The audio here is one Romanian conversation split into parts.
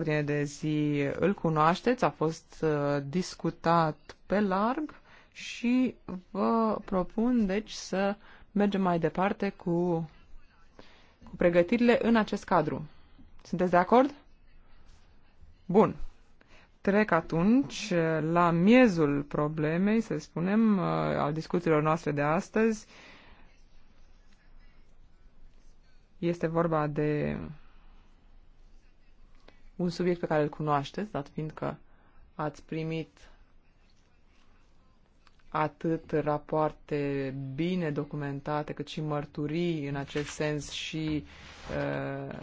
ordine de zi îl cunoașteți, a fost uh, discutat pe larg și vă propun deci să mergem mai departe cu, cu pregătirile în acest cadru. Sunteți de acord? Bun. Trec atunci uh, la miezul problemei, să spunem, uh, al discuțiilor noastre de astăzi. Este vorba de un subiect pe care îl cunoașteți, dat fiind că ați primit atât rapoarte bine documentate, cât și mărturii în acest sens și uh,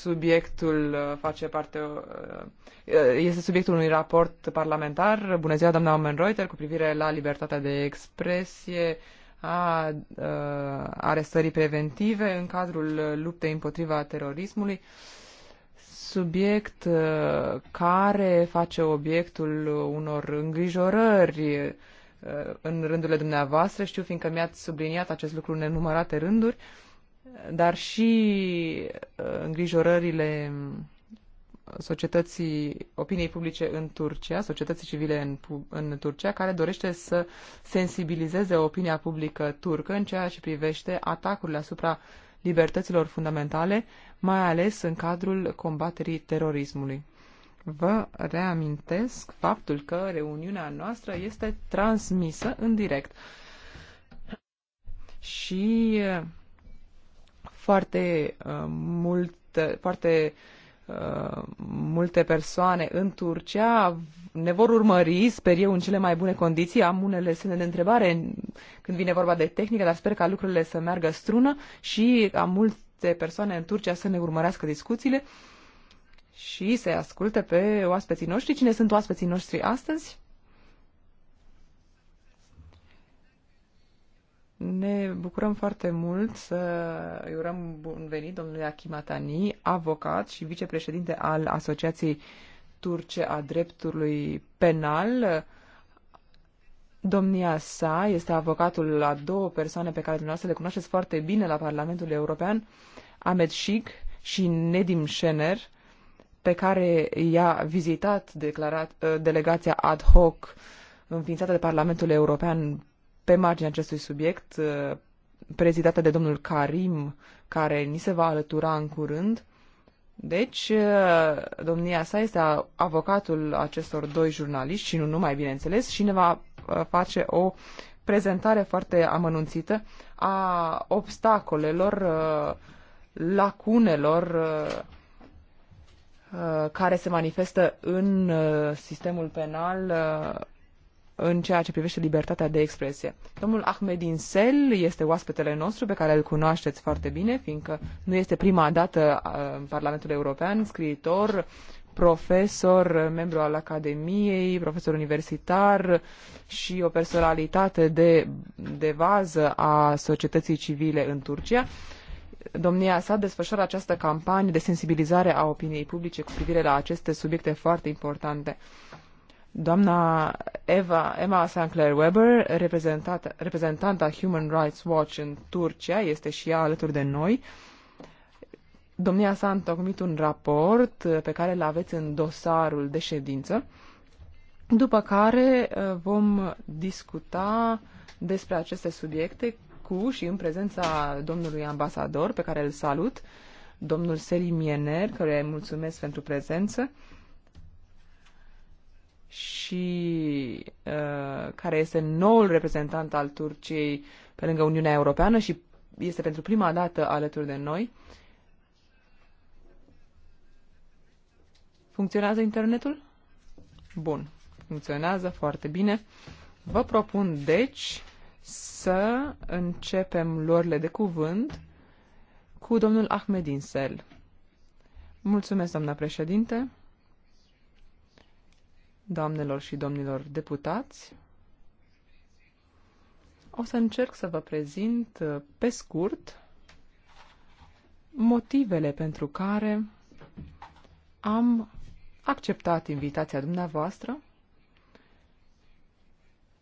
subiectul uh, face parte, uh, uh, este subiectul unui raport parlamentar. Bună ziua, doamna Omen Reuter, cu privire la libertatea de expresie, a uh, arestării preventive în cadrul luptei împotriva terorismului. Uh, subiect uh, care face obiectul unor îngrijorări uh, în rândurile dumneavoastră, știu fiindcă mi-ați subliniat acest lucru în nenumărate rânduri, dar și uh, îngrijorările societății opiniei publice în Turcia, societății civile în, în Turcia, care dorește să sensibilizeze opinia publică turcă în ceea ce privește atacurile asupra libertăților fundamentale, mai ales în cadrul combaterii terorismului. Vă reamintesc faptul că reuniunea noastră este transmisă în direct și uh, foarte uh, mult, foarte uh, Uh, multe persoane în Turcia ne vor urmări, sper eu, în cele mai bune condiții. Am unele semne de întrebare când vine vorba de tehnică, dar sper ca lucrurile să meargă strună și am multe persoane în Turcia să ne urmărească discuțiile și să asculte pe oaspeții noștri. Cine sunt oaspeții noștri astăzi? Ne bucurăm foarte mult să îi urăm bun venit domnului Achimatani, avocat și vicepreședinte al Asociației Turce a Dreptului Penal. Domnia sa este avocatul la două persoane pe care dumneavoastră le cunoașteți foarte bine la Parlamentul European, Ahmed Shik și Nedim Șener, pe care i-a vizitat declarat, uh, delegația ad hoc înființată de Parlamentul European pe marginea acestui subiect, uh, prezidată de domnul Karim, care ni se va alătura în curând. Deci, uh, domnia sa este avocatul acestor doi jurnaliști și nu numai, bineînțeles, și ne va uh, face o prezentare foarte amănunțită a obstacolelor, lacunelor care se manifestă în sistemul penal în ceea ce privește libertatea de expresie. Domnul Ahmed Insel este oaspetele nostru pe care îl cunoașteți foarte bine, fiindcă nu este prima dată uh, în Parlamentul European, scriitor, profesor, membru al Academiei, profesor universitar și o personalitate de, de vază a societății civile în Turcia. Domnia sa desfășoară această campanie de sensibilizare a opiniei publice cu privire la aceste subiecte foarte importante. Doamna Eva, Emma Sinclair Weber, reprezentanta Human Rights Watch în Turcia, este și ea alături de noi. Domnia s-a întocmit un raport uh, pe care îl aveți în dosarul de ședință, după care uh, vom discuta despre aceste subiecte cu și în prezența domnului ambasador, pe care îl salut, domnul Selim Miener, care îi mulțumesc pentru prezență, și uh, care este noul reprezentant al Turciei pe lângă Uniunea Europeană și este pentru prima dată alături de noi. Funcționează internetul? Bun, funcționează foarte bine. Vă propun, deci, să începem luările de cuvânt cu domnul Ahmed Insel. Mulțumesc, doamna președinte doamnelor și domnilor deputați, o să încerc să vă prezint uh, pe scurt motivele pentru care am acceptat invitația dumneavoastră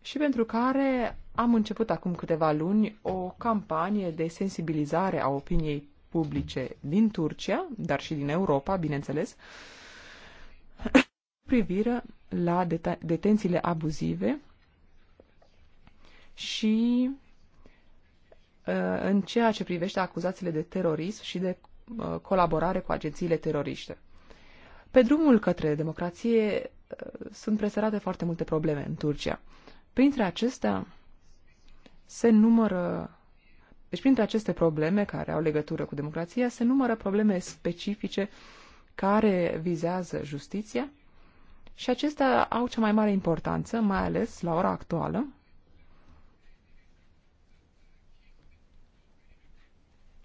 și pentru care am început acum câteva luni o campanie de sensibilizare a opiniei publice din Turcia, dar și din Europa, bineînțeles, privire la detențiile abuzive și uh, în ceea ce privește acuzațiile de terorism și de uh, colaborare cu agențiile teroriste. Pe drumul către democrație uh, sunt presărate foarte multe probleme în Turcia. Printre acestea se numără deci printre aceste probleme care au legătură cu democrația se numără probleme specifice care vizează justiția și acestea au cea mai mare importanță, mai ales la ora actuală,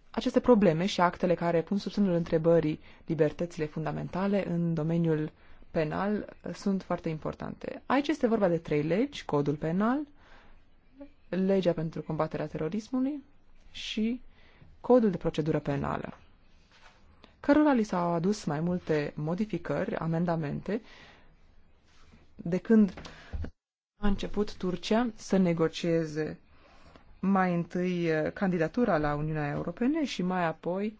aceste probleme și actele care pun sub semnul întrebării libertățile fundamentale în domeniul penal uh, sunt foarte importante. Aici este vorba de trei legi, codul penal, legea pentru combaterea terorismului și codul de procedură penală, cărora li s-au adus mai multe modificări, amendamente de când a început Turcia să negocieze mai întâi eh, candidatura la Uniunea Europene și mai apoi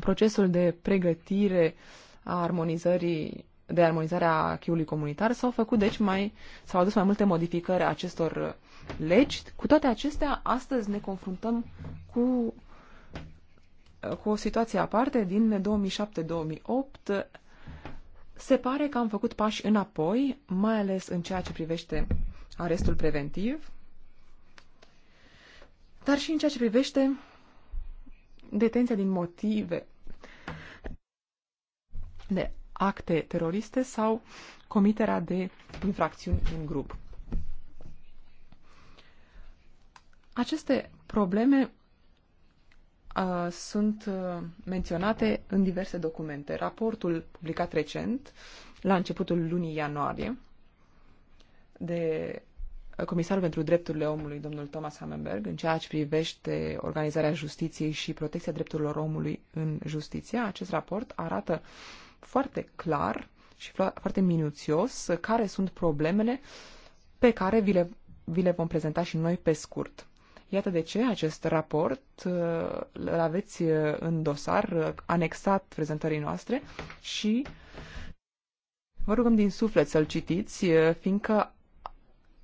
procesul de pregătire a armonizării de armonizarea acquis comunitar s-au făcut deci mai s-au adus mai multe modificări a acestor eh, legi. Cu toate acestea, astăzi ne confruntăm cu eh, cu o situație aparte din 2007-2008 se pare că am făcut pași înapoi, mai ales în ceea ce privește arestul preventiv, dar și în ceea ce privește detenția din motive de acte teroriste sau comiterea de infracțiuni în grup. Aceste probleme sunt menționate în diverse documente. Raportul publicat recent, la începutul lunii ianuarie, de comisarul pentru drepturile omului, domnul Thomas Hammenberg, în ceea ce privește organizarea justiției și protecția drepturilor omului în justiție. Acest raport arată foarte clar și foarte minuțios care sunt problemele pe care vi le, vi le vom prezenta și noi pe scurt. Iată de ce acest raport uh, îl aveți uh, în dosar, uh, anexat prezentării noastre și vă rugăm din suflet să-l citiți, fiindcă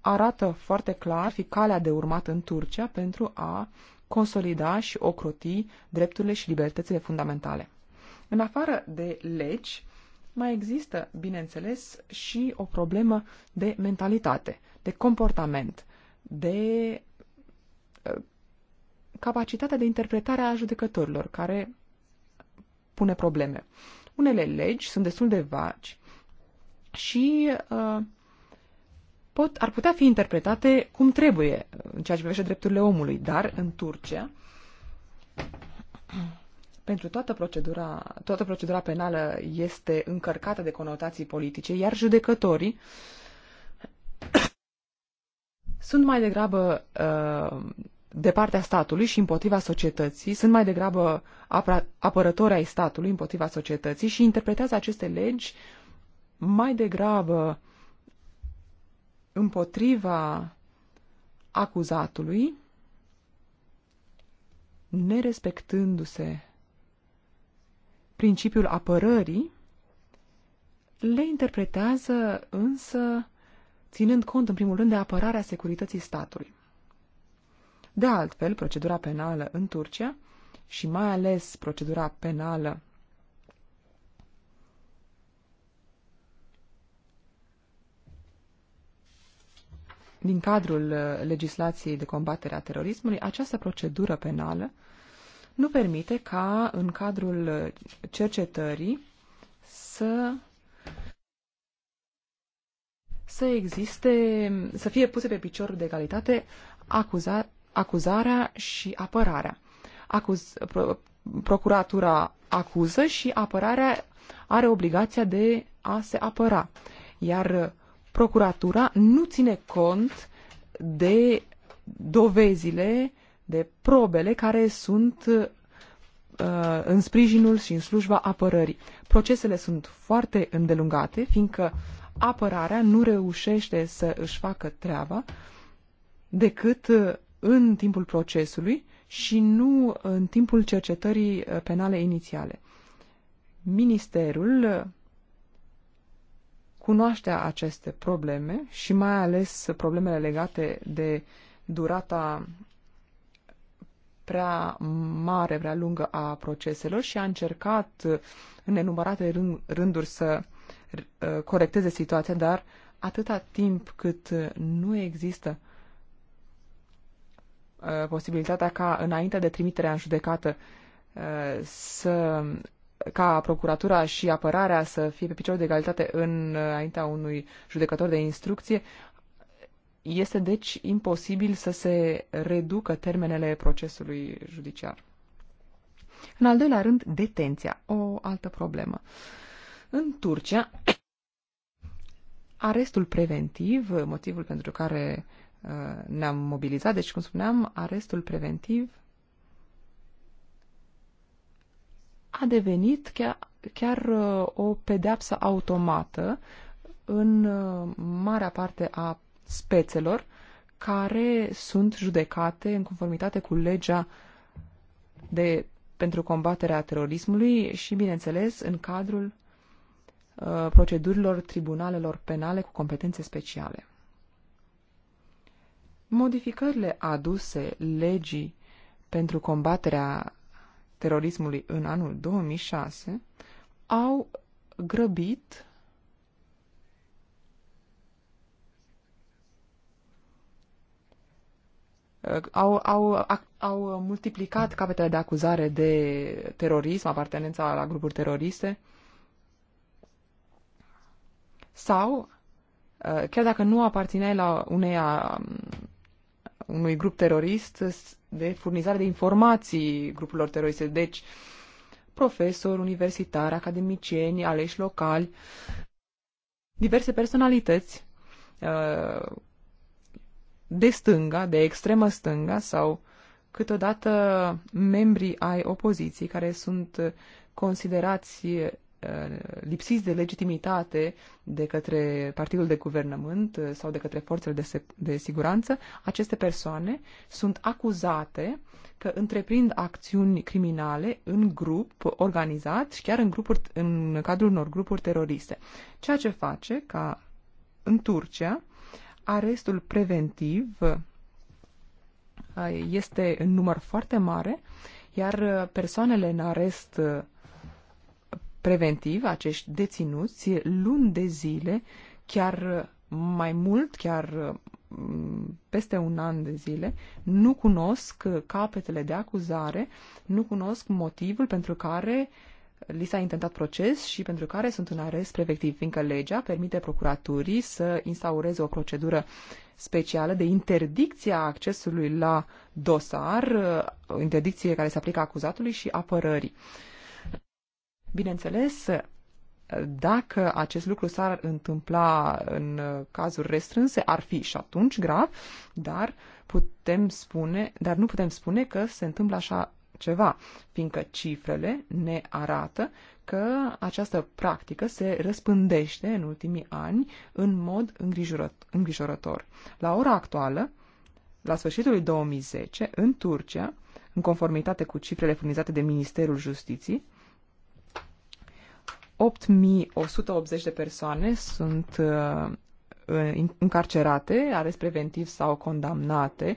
arată foarte clar fi calea de urmat în Turcia pentru a consolida și ocroti drepturile și libertățile fundamentale. În afară de legi, mai există, bineînțeles, și o problemă de mentalitate, de comportament, de capacitatea de interpretare a judecătorilor, care pune probleme. Unele legi sunt destul de vagi și uh, pot, ar putea fi interpretate cum trebuie în ceea ce privește drepturile omului, dar în Turcia, pentru toată procedura, toată procedura penală este încărcată de conotații politice, iar judecătorii sunt mai degrabă uh, de partea statului și împotriva societății, sunt mai degrabă apărători ai statului împotriva societății și interpretează aceste legi mai degrabă împotriva acuzatului, nerespectându-se principiul apărării, le interpretează însă ținând cont, în primul rând, de apărarea securității statului. De altfel, procedura penală în Turcia și mai ales procedura penală din cadrul uh, legislației de combatere a terorismului, această procedură penală nu permite ca în cadrul uh, cercetării să să existe, să fie puse pe picior de egalitate acuza, acuzarea și apărarea. Acuz, pro, procuratura acuză și apărarea are obligația de a se apăra. Iar procuratura nu ține cont de dovezile, de probele care sunt uh, în sprijinul și în slujba apărării. Procesele sunt foarte îndelungate, fiindcă apărarea nu reușește să își facă treaba decât uh, în timpul procesului și nu în timpul cercetării uh, penale inițiale. Ministerul uh, cunoaște aceste probleme și mai ales problemele legate de durata prea mare, prea lungă a proceselor și a încercat în nenumărate rânduri să Uh, corecteze situația, dar atâta timp cât uh, nu există uh, posibilitatea ca înainte de trimiterea în judecată să ca procuratura și apărarea să fie pe picior de egalitate înaintea unui judecător de instrucție, este deci imposibil să se reducă termenele procesului judiciar. În al doilea rând, detenția, o altă problemă. Uh, în Turcia, arestul preventiv, motivul pentru care uh, ne-am mobilizat, deci cum spuneam, arestul preventiv a devenit chiar, chiar uh, o pedeapsă automată în uh, marea parte a spețelor care sunt judecate în conformitate cu legea de, pentru combaterea terorismului și, bineînțeles, în cadrul Uh, procedurilor tribunalelor penale cu competențe speciale. Modificările aduse legii pentru combaterea terorismului în anul 2006 au grăbit uh, au, au, au multiplicat capetele de acuzare de terorism, apartenența la grupuri teroriste, uh, sau uh, chiar dacă nu aparțineai la a, um, unui grup terorist, de furnizare de informații grupurilor teroriste. Deci, profesori, universitari, academicieni, aleși locali, diverse personalități uh, de stânga, de extremă stânga sau câteodată membrii ai opoziției care sunt considerați Uh, lipsiți de legitimitate de către partidul de guvernământ uh, sau de către forțele de, de siguranță, aceste persoane sunt acuzate că întreprind acțiuni criminale în grup organizat și chiar în, grupuri, în cadrul unor grupuri teroriste. Ceea ce face ca în Turcia arestul preventiv uh, este în număr foarte mare, iar persoanele în arest preventiv acești deținuți luni de zile, chiar mai mult, chiar mm, peste un an de zile, nu cunosc capetele de acuzare, nu cunosc motivul pentru care li s-a intentat proces și pentru care sunt în arest prevectiv, fiindcă legea permite procuraturii să instaureze o procedură specială de interdicție a accesului la dosar, o interdicție care se aplică acuzatului și apărării. Uh, Bineînțeles, dacă acest lucru s-ar întâmpla în cazuri restrânse, ar fi și atunci grav, dar putem spune, dar nu putem spune că se întâmplă așa ceva, fiindcă cifrele ne arată că această practică se răspândește în ultimii ani în mod îngrijorător. La ora actuală, la sfârșitul 2010, în Turcia, în conformitate cu cifrele furnizate de Ministerul Justiției, 8180 de persoane sunt uh, încarcerate, arest preventiv sau condamnate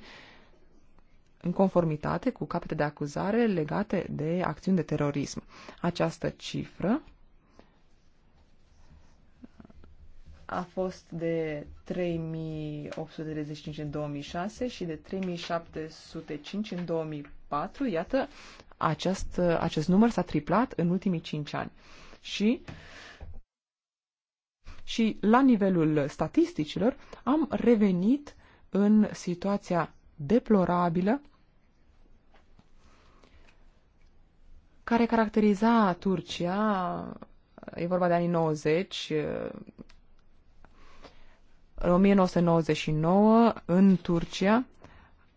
în conformitate cu capete de acuzare legate de acțiuni de terorism. Această cifră a fost de 3835 în 2006 și de 3705 în 2004. Iată, acest, acest număr s-a triplat în ultimii 5 ani și și la nivelul statisticilor am revenit în situația deplorabilă care caracteriza Turcia, e vorba de anii 90, în 1999, în Turcia,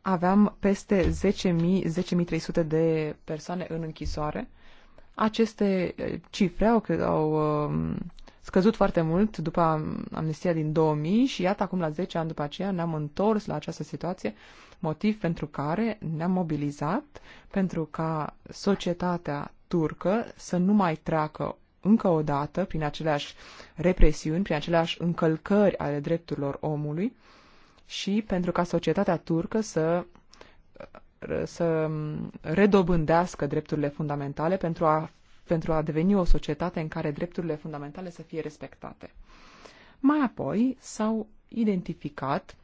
aveam peste 10.000-10.300 de persoane în închisoare aceste eh, cifre au, au um, scăzut foarte mult după amnistia din 2000 și iată acum la 10 ani după aceea ne-am întors la această situație, motiv pentru care ne-am mobilizat pentru ca societatea turcă să nu mai treacă încă o dată prin aceleași represiuni, prin aceleași încălcări ale drepturilor omului și pentru ca societatea turcă să să redobândească drepturile fundamentale pentru a, pentru a deveni o societate în care drepturile fundamentale să fie respectate. Mai apoi s-au identificat,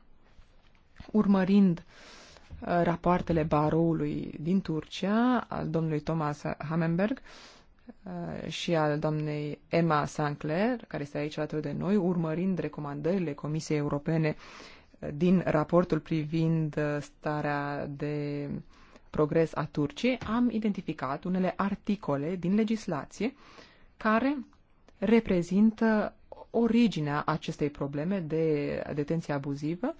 urmărind uh, rapoartele baroului din Turcia, al domnului Thomas Hamenberg uh, și al doamnei Emma Sancler, care este aici alături de noi, urmărind recomandările Comisiei Europene din raportul privind starea de progres a Turciei, am identificat unele articole din legislație care reprezintă originea acestei probleme de detenție abuzivă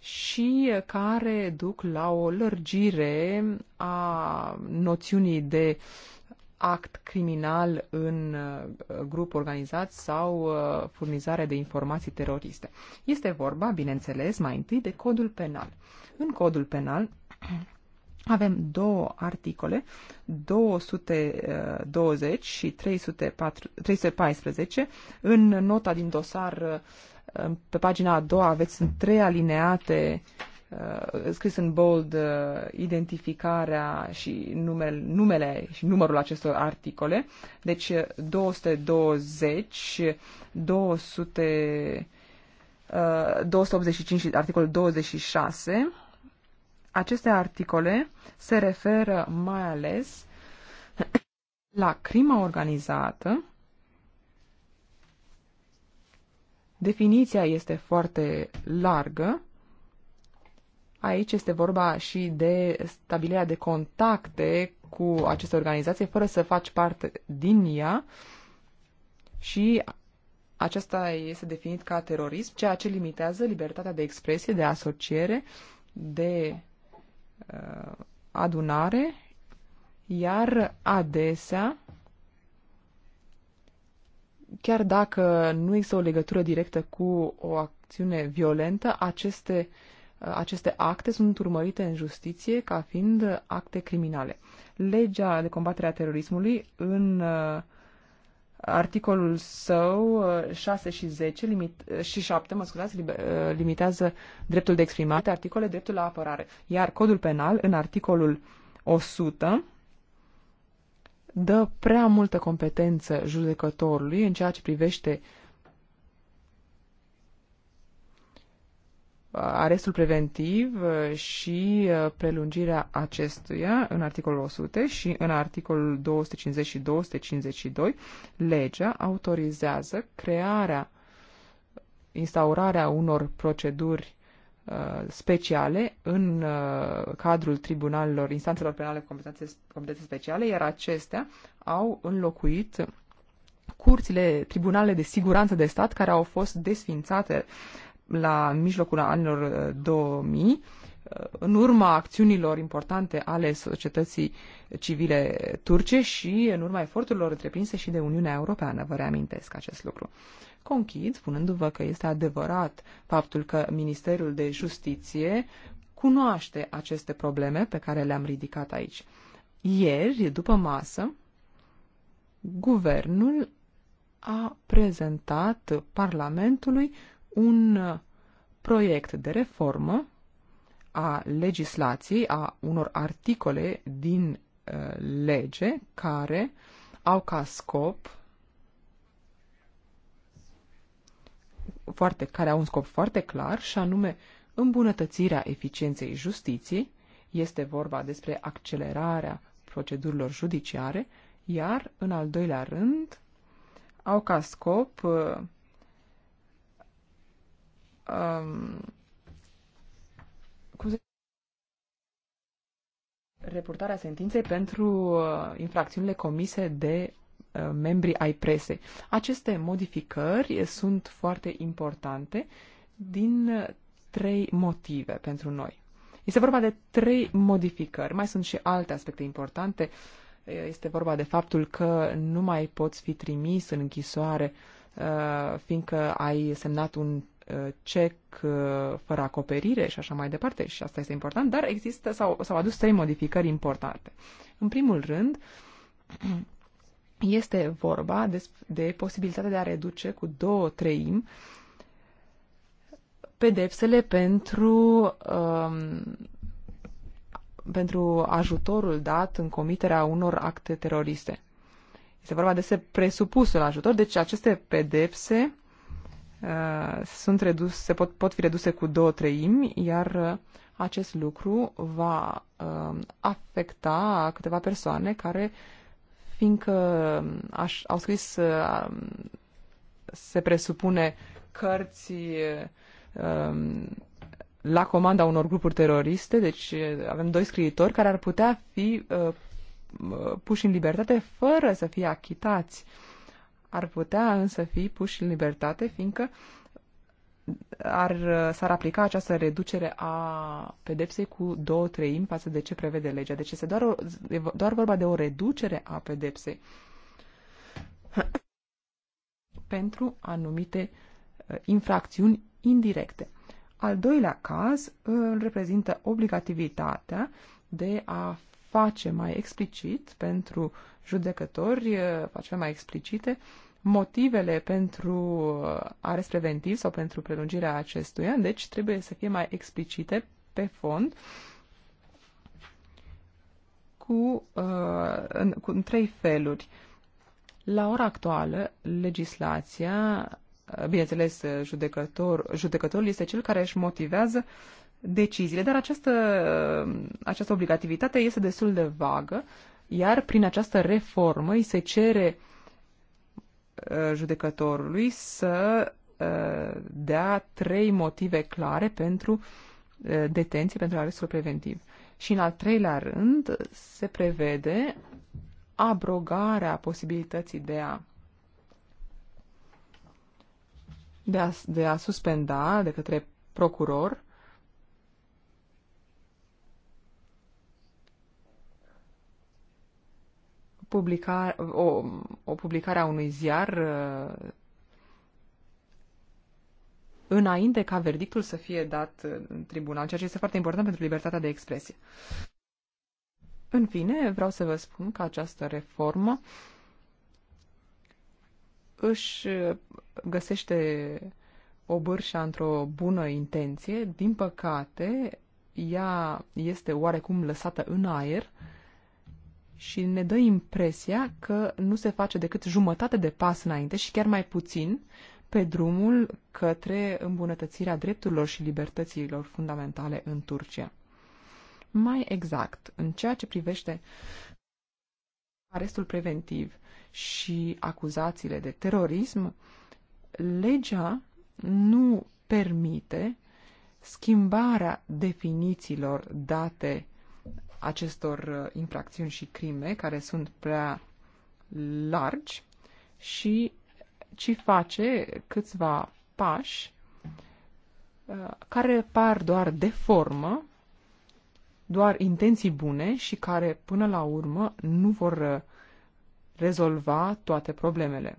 și care duc la o lărgire a noțiunii de uh, act criminal în uh, grup organizat sau uh, furnizare de informații teroriste. Este vorba, bineînțeles, mai întâi de codul penal. În codul penal avem două articole, 220 uh, și 304, 314. În nota din dosar, pe pagina a doua, aveți trei alineate Uh, scris în bold uh, identificarea și numele, numele și numărul acestor articole. Deci 220, 200, 285 și articolul 26. Aceste articole se referă mai ales la crima organizată. Definiția este foarte largă Aici este vorba și de stabilirea de contacte cu aceste organizații fără să faci parte din ea și acesta este definit ca terorism, ceea ce limitează libertatea de expresie, de asociere, de uh, adunare, iar adesea, chiar dacă nu există o legătură directă cu o acțiune violentă, aceste uh, aceste acte sunt urmărite în justiție ca fiind acte criminale. Legea de combatere a terorismului în uh, articolul său 6 uh, și 10 limit, uh, și 7, mă scuzați, limitează dreptul de exprimare, articole dreptul la apărare. Iar codul penal în articolul 100 dă prea multă competență judecătorului în ceea ce privește uh, Uh, arestul preventiv uh, și uh, prelungirea acestuia în articolul 100 și în articolul 250 și 252, legea autorizează crearea, instaurarea unor proceduri speciale în cadrul tribunalelor, instanțelor penale cu competențe, speciale, iar acestea au înlocuit curțile, tribunalele de siguranță de stat care au fost desfințate la mijlocul anilor 2000, uh, uh, în urma acțiunilor importante ale societății civile turce și în urma eforturilor întreprinse și de Uniunea Europeană. Vă reamintesc acest lucru. Conchid, spunându-vă că este adevărat faptul că Ministerul de Justiție cunoaște aceste probleme pe care le-am ridicat aici. Ieri, după masă, guvernul a prezentat Parlamentului un uh, proiect de reformă a legislației, a unor articole din uh, lege care au ca scop foarte, care au un scop foarte clar și anume îmbunătățirea eficienței justiției, este vorba despre accelerarea procedurilor judiciare, iar, în al doilea rând, au ca scop uh, um, cum se reportarea sentinței pentru uh, infracțiunile comise de uh, membrii ai presei. Aceste modificări sunt foarte importante din uh, trei motive pentru noi. Este vorba de trei modificări. Mai sunt și alte aspecte importante. Uh, este vorba de faptul că nu mai poți fi trimis în închisoare uh, fiindcă ai semnat un Uh, cec uh, fără acoperire și așa mai departe, și asta este important, dar există, s-au, s-au adus trei modificări importante. În primul rând, este vorba de, de posibilitatea de a reduce cu două treimi pedepsele pentru, um, pentru ajutorul dat în comiterea unor acte teroriste. Este vorba despre presupusul ajutor, deci aceste pedepse Uh, sunt redus, se pot, pot fi reduse cu două treimi, iar uh, acest lucru va uh, afecta câteva persoane care, fiindcă aș, au scris, se presupune, cărți la comanda unor grupuri teroriste, deci avem doi scriitori care ar putea fi puși în libertate fără să fie achitați. Uh, ar putea însă fi puși în libertate, fiindcă ar, s-ar aplica această reducere a pedepsei cu două treimi față de ce prevede legea. Deci este doar, o, doar vorba de o reducere a pedepsei pentru anumite uh, infracțiuni indirecte. Al doilea caz uh, îl reprezintă obligativitatea de a face mai explicit pentru judecători eh, face mai explicite motivele pentru eh, arest preventiv sau pentru prelungirea acestuia, deci trebuie să fie mai explicite pe fond cu, uh, în, cu în trei feluri. La ora actuală, legislația, bineînțeles, judecător, judecătorul este cel care își motivează deciziile, dar această, această obligativitate este destul de vagă iar prin această reformă îi se cere uh, judecătorului să uh, dea trei motive clare pentru uh, detenție, pentru arestul preventiv. Și în al treilea rând se prevede abrogarea posibilității de a de a, de a suspenda de către procuror publica, o, o publicare a unui ziar uh, înainte ca verdictul să fie dat în tribunal, ceea ce este foarte important pentru libertatea de expresie. În fine, vreau să vă spun că această reformă își găsește o bârșa într-o bună intenție, din păcate, ea este oarecum lăsată în aer, uh, și ne dă impresia că nu se face decât jumătate de pas înainte și chiar mai puțin pe drumul către îmbunătățirea drepturilor și libertăților fundamentale în Turcia. Mai exact, în ceea ce privește arestul preventiv și acuzațiile de terorism, legea nu permite schimbarea definițiilor date acestor uh, infracțiuni și crime care sunt prea largi și ci face câțiva pași uh, care par doar de formă, doar intenții bune și care până la urmă nu vor uh, rezolva toate problemele.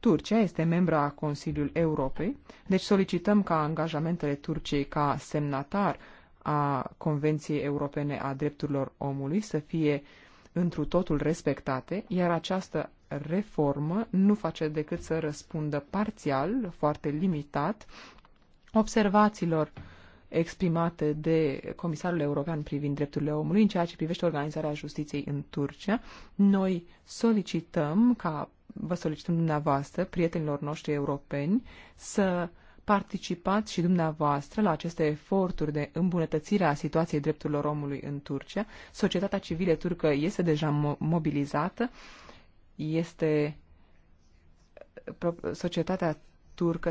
Turcia este membra a Consiliului Europei, deci solicităm ca angajamentele Turciei ca semnatar a Convenției Europene a Drepturilor Omului să fie întru totul respectate, iar această reformă nu face decât să răspundă parțial, foarte limitat, observațiilor exprimate de Comisarul European privind drepturile omului în ceea ce privește organizarea justiției în Turcia. Noi solicităm ca vă solicităm dumneavoastră, prietenilor noștri europeni, să uh, participați și dumneavoastră la aceste eforturi de îmbunătățire a situației drepturilor omului în Turcia. Societatea civilă turcă este deja mobilizată, este societatea turcă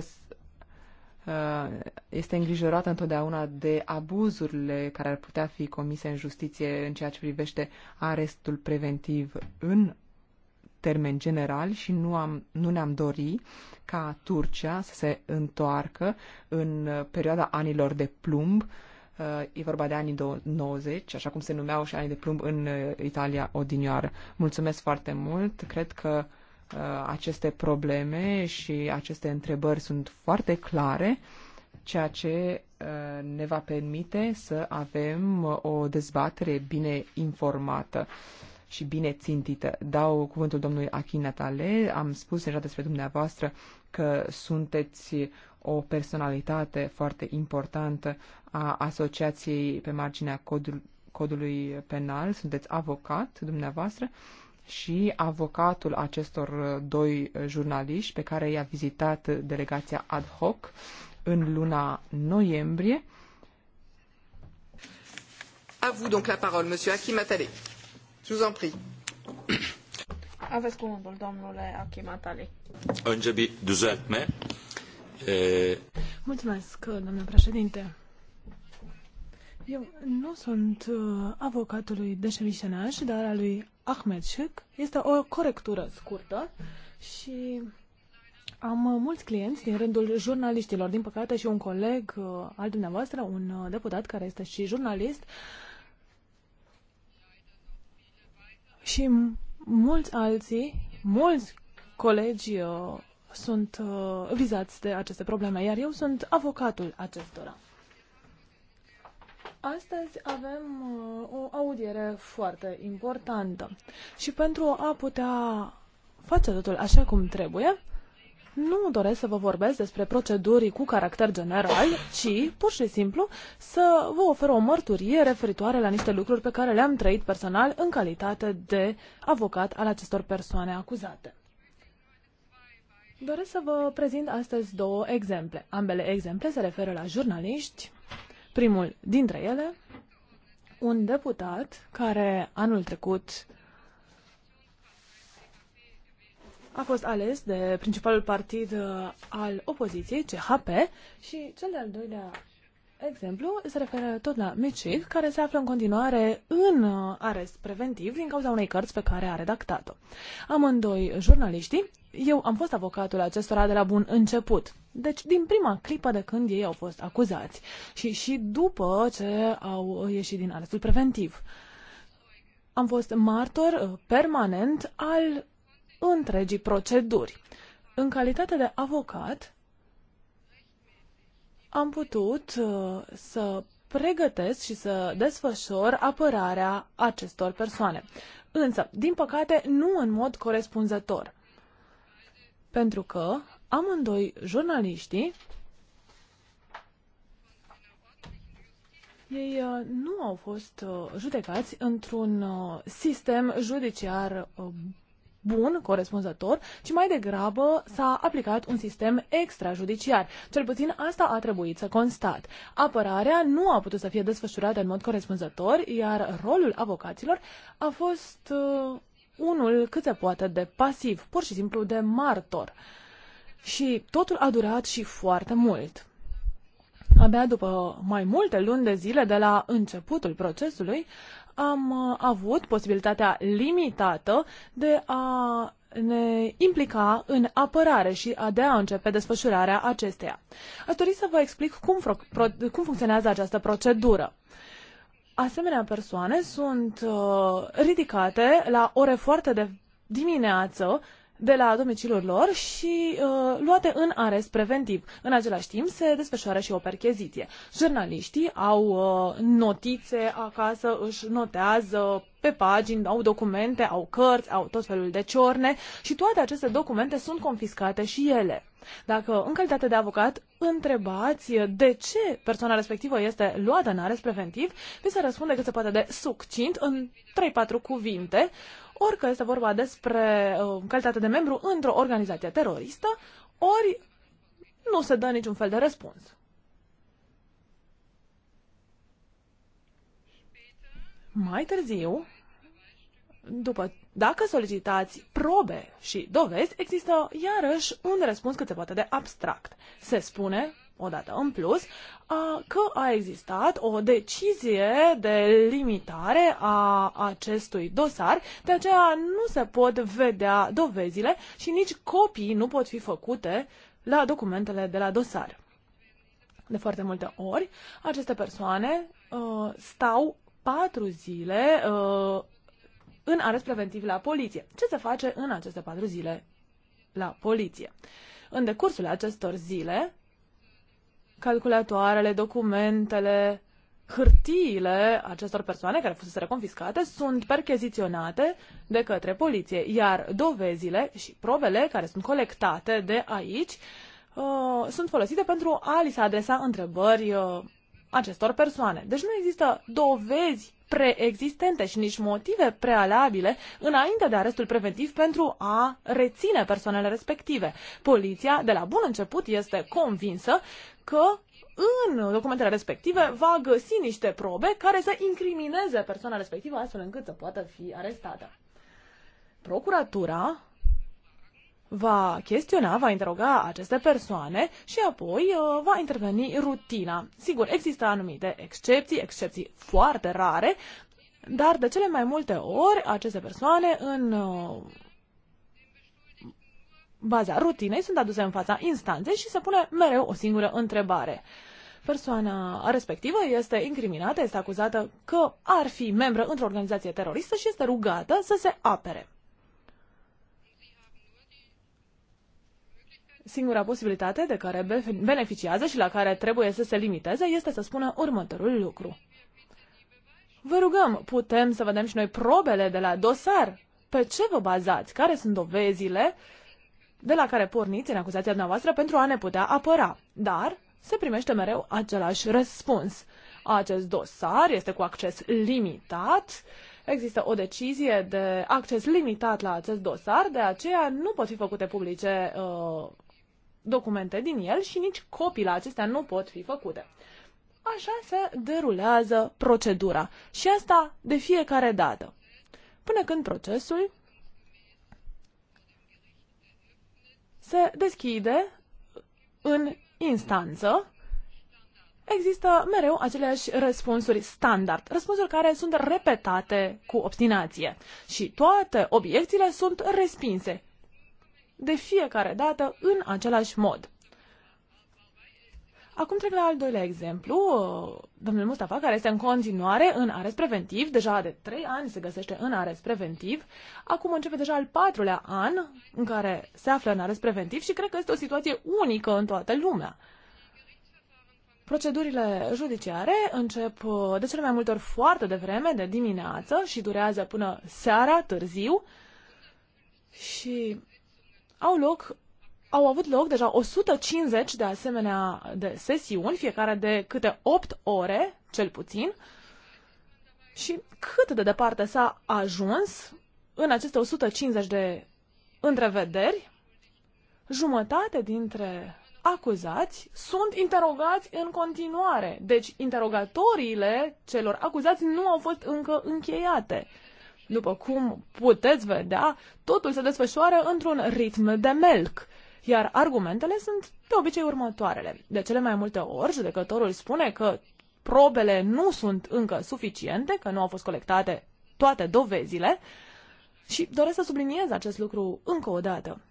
uh, este îngrijorată întotdeauna de abuzurile care ar putea fi comise în justiție în ceea ce privește arestul preventiv în termen general și nu, am, nu ne-am dori ca Turcia să se întoarcă în uh, perioada anilor de plumb, uh, e vorba de anii 90, așa cum se numeau și anii de plumb în uh, Italia odinioară. Mulțumesc foarte mult, cred că aceste probleme și aceste întrebări sunt foarte clare, ceea ce ne va permite să avem o dezbatere bine informată și bine țintită. Dau cuvântul domnului Achina Tale. Am spus deja despre dumneavoastră că sunteți o personalitate foarte importantă a asociației pe marginea codul, codului penal. Sunteți avocat dumneavoastră și avocatul acestor doi jurnaliști pe care i-a vizitat delegația ad hoc în luna noiembrie. A vous donc la parole, monsieur Akim Atalé. Je vous en prie. Aveți cuvântul, domnule Achim Atali. Önce bir düzeltme. E... Mulțumesc, domnule președinte. Eu nu sunt uh, avocatul lui Deșemișenaj, dar al lui Ahmed Shik. Este o corectură scurtă și am uh, mulți clienți din rândul jurnaliștilor. Din păcate și un coleg uh, al dumneavoastră, un uh, deputat care este și jurnalist, și mulți alții, mulți colegi uh, sunt uh, vizați de aceste probleme, iar eu sunt avocatul acestora. Astăzi avem uh, o audiere foarte importantă și pentru a putea face totul așa cum trebuie, nu doresc să vă vorbesc despre proceduri cu caracter general, ci pur și simplu să vă ofer o mărturie referitoare la niște lucruri pe care le-am trăit personal în calitate de avocat al acestor persoane acuzate. Doresc să vă prezint astăzi două exemple. Ambele exemple se referă la jurnaliști. Primul dintre ele, un deputat care anul trecut a fost ales de principalul partid uh, al opoziției, CHP, și cel de-al doilea exemplu se referă tot la Micic, care se află în continuare în uh, arest preventiv din cauza unei cărți pe care a redactat-o. Amândoi jurnaliștii, eu am fost avocatul acestora de la bun început, deci din prima clipă de când ei au fost acuzați și și după ce au ieșit din arestul preventiv. Am fost martor uh, permanent al întregii proceduri. În calitate de avocat, am putut uh, să pregătesc și să desfășor apărarea acestor persoane. Însă, din păcate, nu în mod corespunzător. Pentru că amândoi jurnaliștii ei uh, nu au fost uh, judecați într-un sistem judiciar bun, corespunzător, ci mai degrabă s-a aplicat un sistem extrajudiciar. Cel puțin asta a trebuit să constat. Apărarea nu a putut să fie desfășurată în mod corespunzător, iar rolul avocaților a fost uh, unul cât se poate de pasiv, pur și simplu de martor. Și totul a durat și foarte mult. Abia după mai multe luni de zile de la începutul procesului, am uh, avut posibilitatea limitată de a ne implica în apărare și a de a începe desfășurarea acesteia. Aș dori să vă explic cum, cum funcționează această procedură. Asemenea persoane sunt uh, ridicate la ore foarte de dimineață de la domiciliul lor și uh, luate în arest preventiv. În același timp se desfășoară și o percheziție. Jurnaliștii au uh, notițe acasă, își notează pe pagini, au documente, au cărți, au tot felul de ciorne și toate aceste documente sunt confiscate și ele. Dacă în calitate de avocat întrebați de ce persoana respectivă este luată în arest preventiv, vi se răspunde că se poate de succint în 3-4 cuvinte, ori că este vorba despre uh, calitate de membru într-o organizație teroristă, ori nu se dă niciun fel de răspuns. Mai târziu, după, dacă solicitați probe și dovezi, există iarăși un răspuns cât se poate de abstract. Se spune odată în plus, că a existat o decizie de limitare a acestui dosar, de aceea nu se pot vedea dovezile și nici copii nu pot fi făcute la documentele de la dosar. De foarte multe ori, aceste persoane uh, stau patru zile uh, în arest preventiv la poliție. Ce se face în aceste patru zile la poliție? În decursul acestor zile, calculatoarele, documentele, hârtiile acestor persoane care fost confiscate sunt percheziționate de către poliție, iar dovezile și probele care sunt colectate de aici uh, sunt folosite pentru a li se adresa întrebări uh, acestor persoane. Deci nu există dovezi preexistente și nici motive prealabile înainte de arestul preventiv pentru a reține persoanele respective. Poliția, de la bun început, este convinsă că în documentele respective va găsi niște probe care să incrimineze persoana respectivă astfel încât să poată fi arestată. Procuratura va chestiona, va interoga aceste persoane și apoi uh, va interveni rutina. Sigur, există anumite excepții, excepții foarte rare, dar de cele mai multe ori aceste persoane în uh, baza rutinei sunt aduse în fața instanței și se pune mereu o singură întrebare. Persoana respectivă este incriminată, este acuzată că ar fi membră într-o organizație teroristă și este rugată să se apere. singura posibilitate de care beneficiază și la care trebuie să se limiteze este să spună următorul lucru. Vă rugăm, putem să vedem și noi probele de la dosar. Pe ce vă bazați? Care sunt dovezile de la care porniți în acuzația dumneavoastră pentru a ne putea apăra? Dar se primește mereu același răspuns. Acest dosar este cu acces limitat, există o decizie de acces limitat la acest dosar, de aceea nu pot fi făcute publice uh, documente din el și nici la acestea nu pot fi făcute. Așa se derulează procedura și asta de fiecare dată. Până când procesul se deschide în instanță, există mereu aceleași răspunsuri standard, răspunsuri care sunt repetate cu obstinație și toate obiecțiile sunt respinse, de fiecare dată în același mod. Acum trec la al doilea exemplu, domnul Mustafa, care este în continuare în arest preventiv, deja de trei ani se găsește în arest preventiv, acum începe deja al patrulea an în care se află în arest preventiv și cred că este o situație unică în toată lumea. Procedurile judiciare încep uh, de cele mai multe ori foarte devreme, de dimineață, și durează până seara, târziu. Și au loc au avut loc deja 150 de asemenea de sesiuni, fiecare de câte 8 ore, cel puțin. Și cât de departe s-a ajuns în aceste 150 de întrevederi, jumătate dintre acuzați sunt interogați în continuare. Deci, interogatoriile celor acuzați nu au fost încă încheiate. După cum puteți vedea, totul se desfășoară într-un ritm de melc. Iar argumentele sunt de obicei următoarele. De cele mai multe ori, judecătorul spune că probele nu sunt încă suficiente, că nu au fost colectate toate dovezile și doresc să subliniez acest lucru încă o dată.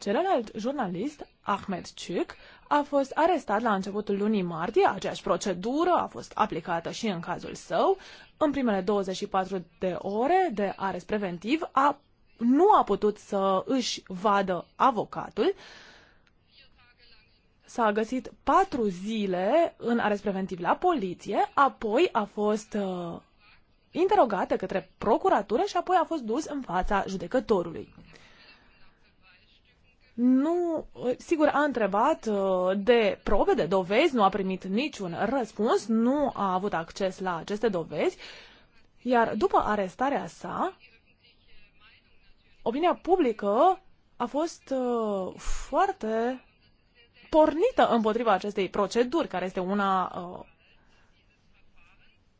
Celălalt jurnalist, Ahmed Ciuc, a fost arestat la începutul lunii martie, aceeași procedură a fost aplicată și în cazul său în primele 24 de ore de arest preventiv a, nu a putut să își vadă avocatul. S-a găsit patru zile în arest preventiv la poliție, apoi a fost uh, interogată către procuratură și apoi a fost dus în fața judecătorului nu, sigur, a întrebat uh, de probe, de dovezi, nu a primit niciun răspuns, nu a avut acces la aceste dovezi, iar după arestarea sa, opinia publică a fost uh, foarte pornită împotriva acestei proceduri, care este una uh,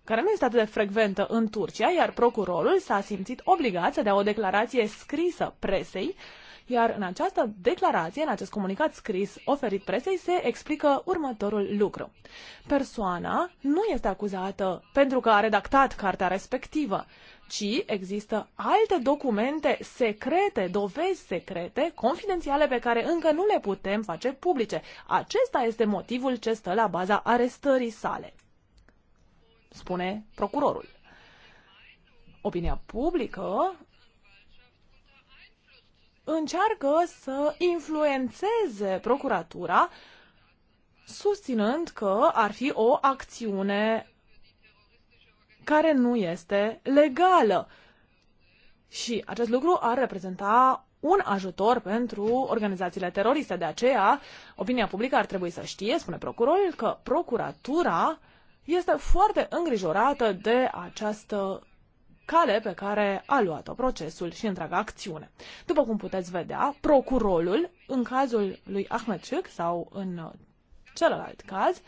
care nu este atât de frecventă în Turcia, iar procurorul s-a simțit obligat să dea o declarație scrisă presei uh, iar în această declarație, în acest comunicat scris oferit presei, se explică următorul lucru. Persoana nu este acuzată pentru că a redactat cartea respectivă, ci există alte documente secrete, dovezi secrete, confidențiale pe care încă nu le putem face publice. Acesta este motivul ce stă la baza arestării sale, spune procurorul. Opinia publică încearcă să influențeze procuratura susținând că ar fi o acțiune care nu este legală. Și acest lucru ar reprezenta un ajutor pentru organizațiile teroriste. De aceea, opinia publică ar trebui să știe, spune procurorul, că procuratura este foarte îngrijorată de această cale pe care a luat-o procesul și întreaga acțiune. După cum puteți vedea, procurorul, în cazul lui Ahmed Chuk, sau în uh, celălalt caz,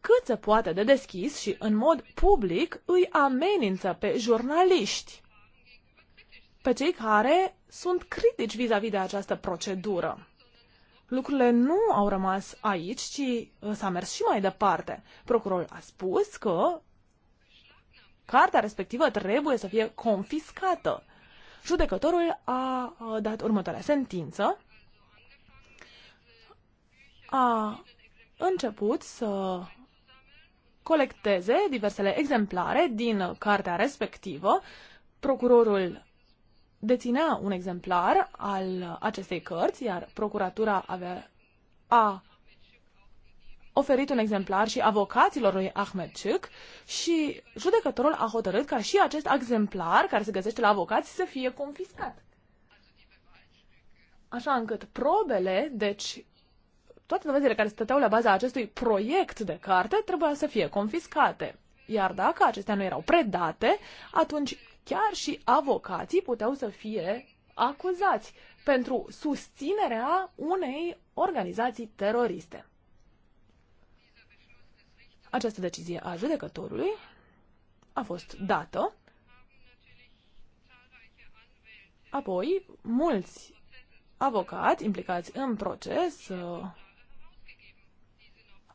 cât se poate de deschis și în mod public îi amenință pe jurnaliști, pe cei care sunt critici vis-a-vis -vis de această procedură. Lucrurile nu au rămas aici, ci uh, s-a mers și mai departe. Procurorul a spus că cartea respectivă trebuie să fie confiscată. Judecătorul a dat următoarea sentință. A început să colecteze diversele exemplare din cartea respectivă. Procurorul deținea un exemplar al acestei cărți, iar procuratura avea, a oferit un exemplar și avocaților lui Ahmed Cik și judecătorul a hotărât ca și acest exemplar care se găsește la avocați să fie confiscat. Așa încât probele, deci toate dovezile care stăteau la baza acestui proiect de carte trebuia să fie confiscate. Iar dacă acestea nu erau predate, atunci chiar și avocații puteau să fie acuzați pentru susținerea unei organizații teroriste. Această decizie a judecătorului a fost dată. Apoi, mulți avocați implicați în proces uh,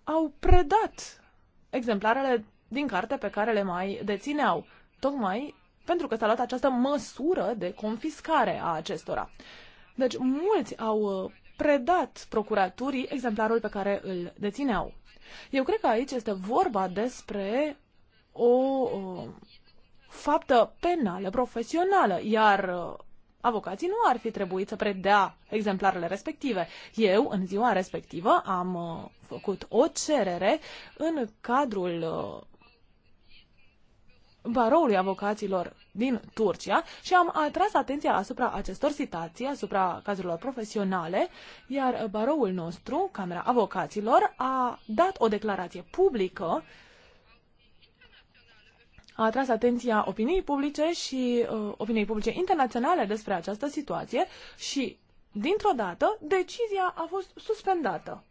au predat exemplarele din carte pe care le mai dețineau, tocmai pentru că s-a luat această măsură de confiscare a acestora. Deci mulți au uh, predat procuraturii exemplarul pe care îl dețineau. Eu cred că aici este vorba despre o, faptă penală, profesională, iar uh, avocații nu ar fi trebuit să predea exemplarele respective. Eu, în ziua respectivă, am uh, făcut o cerere în cadrul uh, baroului avocaților din Turcia și am atras atenția asupra acestor situații, asupra cazurilor profesionale, iar baroul nostru, Camera Avocaților, a dat o declarație publică a atras atenția opiniei publice și uh, opiniei publice internaționale despre această situație și, dintr-o dată, decizia a fost suspendată.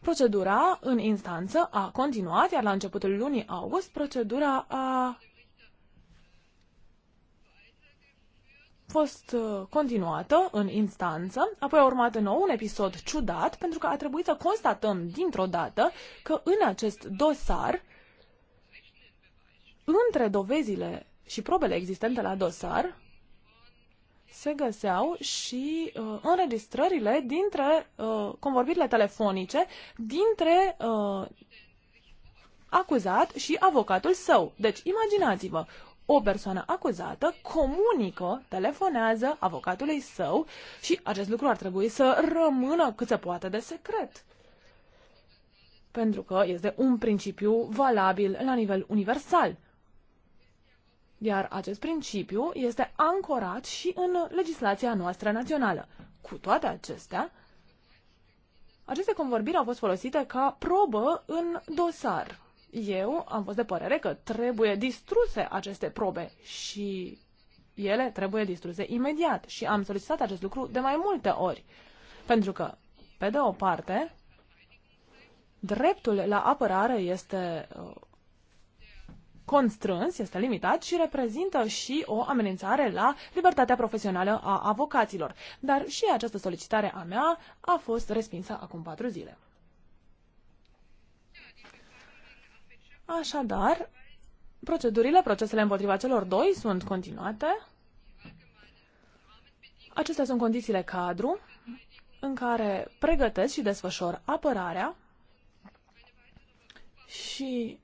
Procedura în instanță a continuat, iar la începutul lunii august procedura a fost uh, continuată în instanță, apoi a urmat nou un episod ciudat, pentru că a trebuit să constatăm dintr-o dată că în acest dosar, între dovezile și probele existente la dosar, se găseau și uh, înregistrările dintre uh, convorbirile telefonice dintre uh, acuzat și avocatul său. Deci, imaginați-vă, o persoană acuzată comunică, telefonează avocatului său și acest lucru ar trebui să rămână cât se poate de secret. Pentru că este un principiu valabil la nivel universal. Iar acest principiu este ancorat și în legislația noastră națională. Cu toate acestea, aceste convorbiri au fost folosite ca probă în dosar. Eu am fost de părere că trebuie distruse aceste probe și ele trebuie distruse imediat și am solicitat acest lucru de mai multe ori. Pentru că, pe de o parte, dreptul la apărare este uh, constrâns, este limitat și reprezintă și o amenințare la libertatea profesională a avocaților. Dar și această solicitare a mea a fost respinsă acum patru zile. Așadar, procedurile, procesele împotriva celor doi sunt continuate. Acestea sunt condițiile cadru în care pregătesc și desfășor apărarea și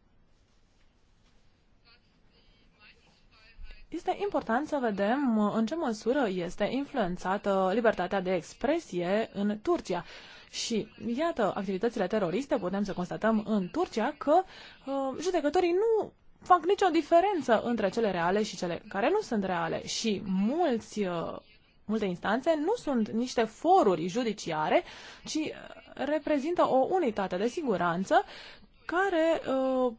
Este important să vedem uh, în ce măsură este influențată libertatea de expresie în Turcia. Și iată, activitățile teroriste, putem să constatăm în Turcia că uh, judecătorii nu fac nicio diferență între cele reale și cele care nu sunt reale. Și mulți, uh, multe instanțe nu sunt niște foruri judiciare, ci reprezintă o unitate de siguranță care uh,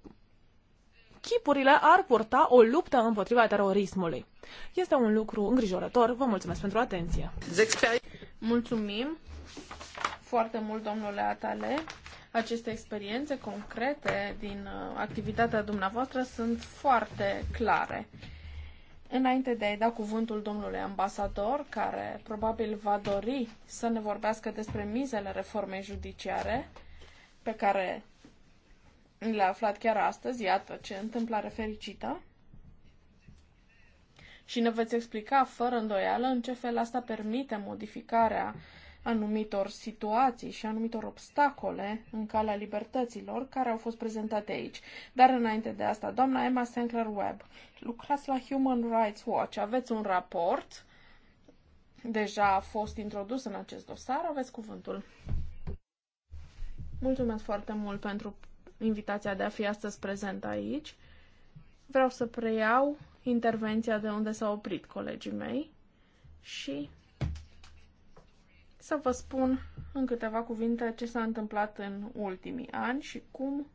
chipurile ar purta o luptă împotriva terorismului. Este un lucru îngrijorător. Vă mulțumesc pentru atenție. Mulțumim foarte mult, domnule Atale. Aceste experiențe concrete din uh, activitatea dumneavoastră sunt foarte clare. Înainte de a-i da cuvântul domnului ambasador, care probabil va dori să ne vorbească despre mizele reformei judiciare, pe care le-a aflat chiar astăzi, iată ce întâmplare fericită. Și ne veți explica fără îndoială în ce fel asta permite modificarea anumitor situații și anumitor obstacole în calea libertăților care au fost prezentate aici. Dar înainte de asta, doamna Emma Sinclair Webb, lucrați la Human Rights Watch, aveți un raport, deja a fost introdus în acest dosar, aveți cuvântul. Mulțumesc foarte mult pentru invitația de a fi astăzi prezent aici. Vreau să preiau intervenția de unde s-au oprit colegii mei și să vă spun în câteva cuvinte ce s-a întâmplat în ultimii ani și cum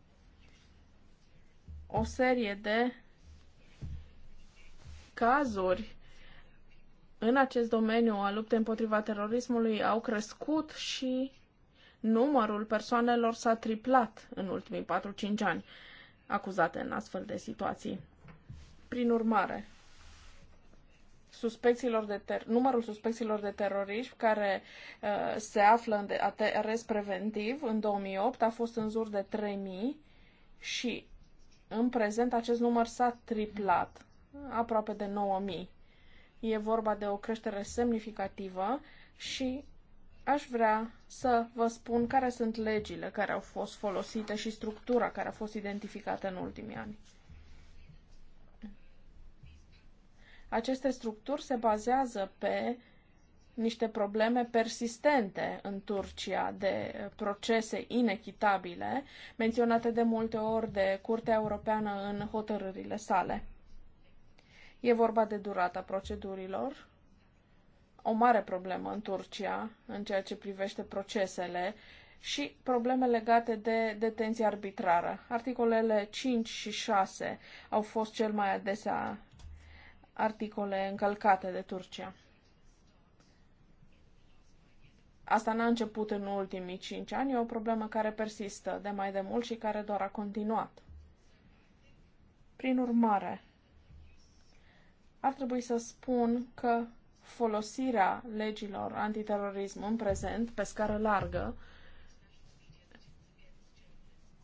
o serie de cazuri în acest domeniu a luptei împotriva terorismului au crescut și numărul persoanelor s-a triplat în ultimii 4-5 ani acuzate în astfel de situații. Prin urmare, suspecțiilor de ter- numărul suspecțiilor de teroriști care uh, se află în de- arest preventiv în 2008 a fost în jur de 3000 și în prezent acest număr s-a triplat, aproape de 9000. E vorba de o creștere semnificativă și Aș vrea să vă spun care sunt legile care au fost folosite și structura care a fost identificată în ultimii ani. Aceste structuri se bazează pe niște probleme persistente în Turcia de procese inechitabile, menționate de multe ori de Curtea Europeană în hotărârile sale. E vorba de durata procedurilor, o mare problemă în Turcia în ceea ce privește procesele și probleme legate de detenție arbitrară. Articolele 5 și 6 au fost cel mai adesea articole încălcate de Turcia. Asta n-a început în ultimii 5 ani, e o problemă care persistă de mai de mult și care doar a continuat. Prin urmare, ar trebui să spun că folosirea legilor antiterorism în prezent, pe scară largă,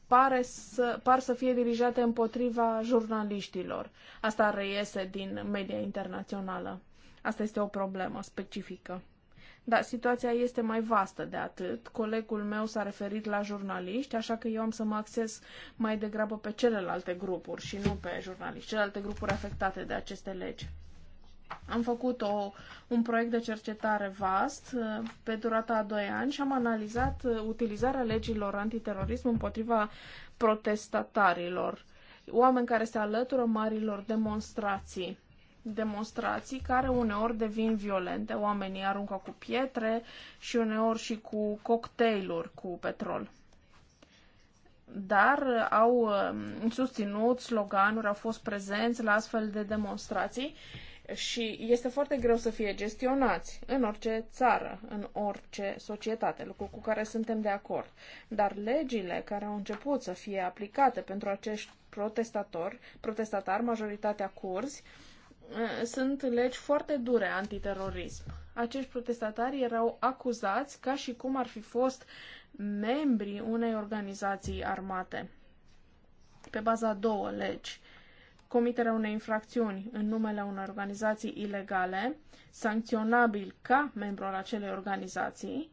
pare să, par să fie dirijate împotriva jurnaliștilor. Asta reiese din media internațională. Asta este o problemă specifică. Dar situația este mai vastă de atât. Colegul meu s-a referit la jurnaliști, așa că eu am să mă acces mai degrabă pe celelalte grupuri și nu pe jurnaliști, celelalte grupuri afectate de aceste legi. Am făcut o, un proiect de cercetare vast uh, pe durata a 2 ani și am analizat uh, utilizarea legilor antiterorism împotriva protestatarilor, oameni care se alătură marilor demonstrații demonstrații care uneori devin violente, oamenii aruncă cu pietre și uneori și cu cocktailuri cu petrol. Dar uh, au susținut sloganuri, au fost prezenți la astfel de demonstrații și este foarte greu să fie gestionați în orice țară, în orice societate, lucru cu care suntem de acord. Dar legile care au început să fie aplicate pentru acești protestatori, protestatari, majoritatea curzi, eh, sunt legi foarte dure antiterorism. Acești protestatari erau acuzați ca și cum ar fi fost membrii unei organizații armate pe baza două legi comiterea unei infracțiuni în numele unei organizații ilegale, sancționabil ca membru al acelei organizații.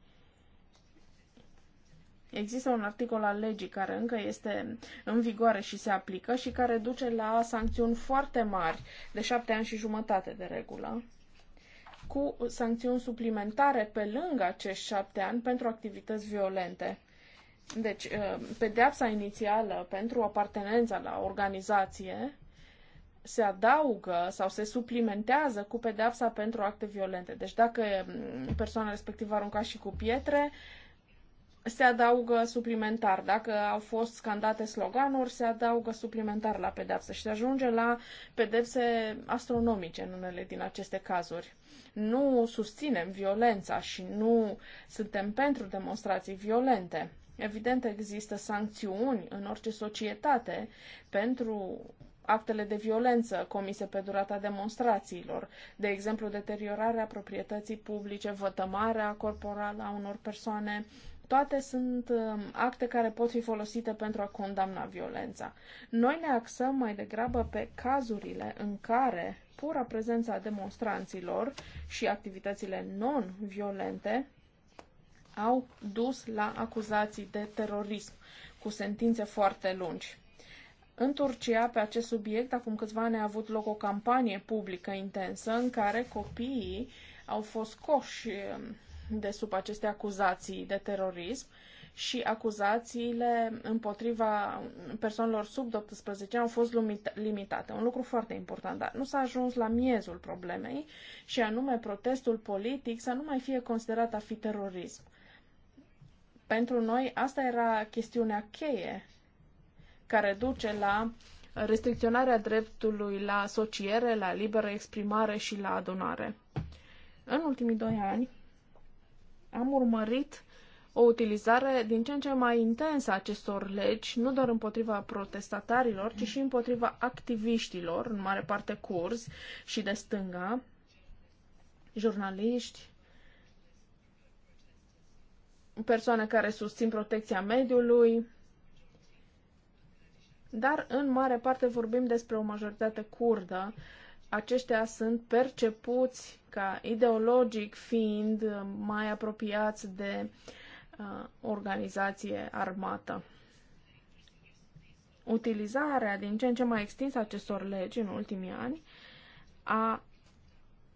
Există un articol al legii care încă este în vigoare și se aplică și care duce la sancțiuni foarte mari, de șapte ani și jumătate de regulă, cu sancțiuni suplimentare pe lângă acești șapte ani pentru activități violente. Deci, uh, pedeapsa inițială pentru apartenența la organizație se adaugă sau se suplimentează cu pedeapsa pentru acte violente. Deci dacă mm, persoana respectivă arunca și cu pietre, se adaugă suplimentar. Dacă au fost scandate sloganuri, se adaugă suplimentar la pedepsă și se ajunge la pedepse astronomice în unele din aceste cazuri. Nu susținem violența și nu suntem pentru demonstrații violente. Evident, există sancțiuni în orice societate pentru actele de violență comise pe durata demonstrațiilor, de exemplu deteriorarea proprietății publice, vătămarea corporală a unor persoane, toate sunt um, acte care pot fi folosite pentru a condamna violența. Noi ne axăm mai degrabă pe cazurile în care pura prezența demonstranților și activitățile non-violente au dus la acuzații de terorism cu sentințe foarte lungi. În Turcia, pe acest subiect, acum câțiva ani a avut loc o campanie publică intensă în care copiii au fost coși um, de sub aceste acuzații de terorism și acuzațiile împotriva persoanelor sub 18 au fost limitate. Un lucru foarte important, dar nu s-a ajuns la miezul problemei și anume protestul politic să nu mai fie considerat a fi terorism. Pentru noi asta era chestiunea cheie care duce la restricționarea dreptului la asociere, la liberă exprimare și la adunare. În ultimii doi ani am urmărit o utilizare din ce în ce mai intensă a acestor legi, nu doar împotriva protestatarilor, ci și împotriva activiștilor, în mare parte curzi și de stânga, jurnaliști, persoane care susțin protecția mediului, dar, în mare parte, vorbim despre o majoritate curdă. Aceștia sunt percepuți ca ideologic fiind mai apropiați de uh, organizație armată. Utilizarea din ce în ce mai extinsă acestor legi în ultimii ani a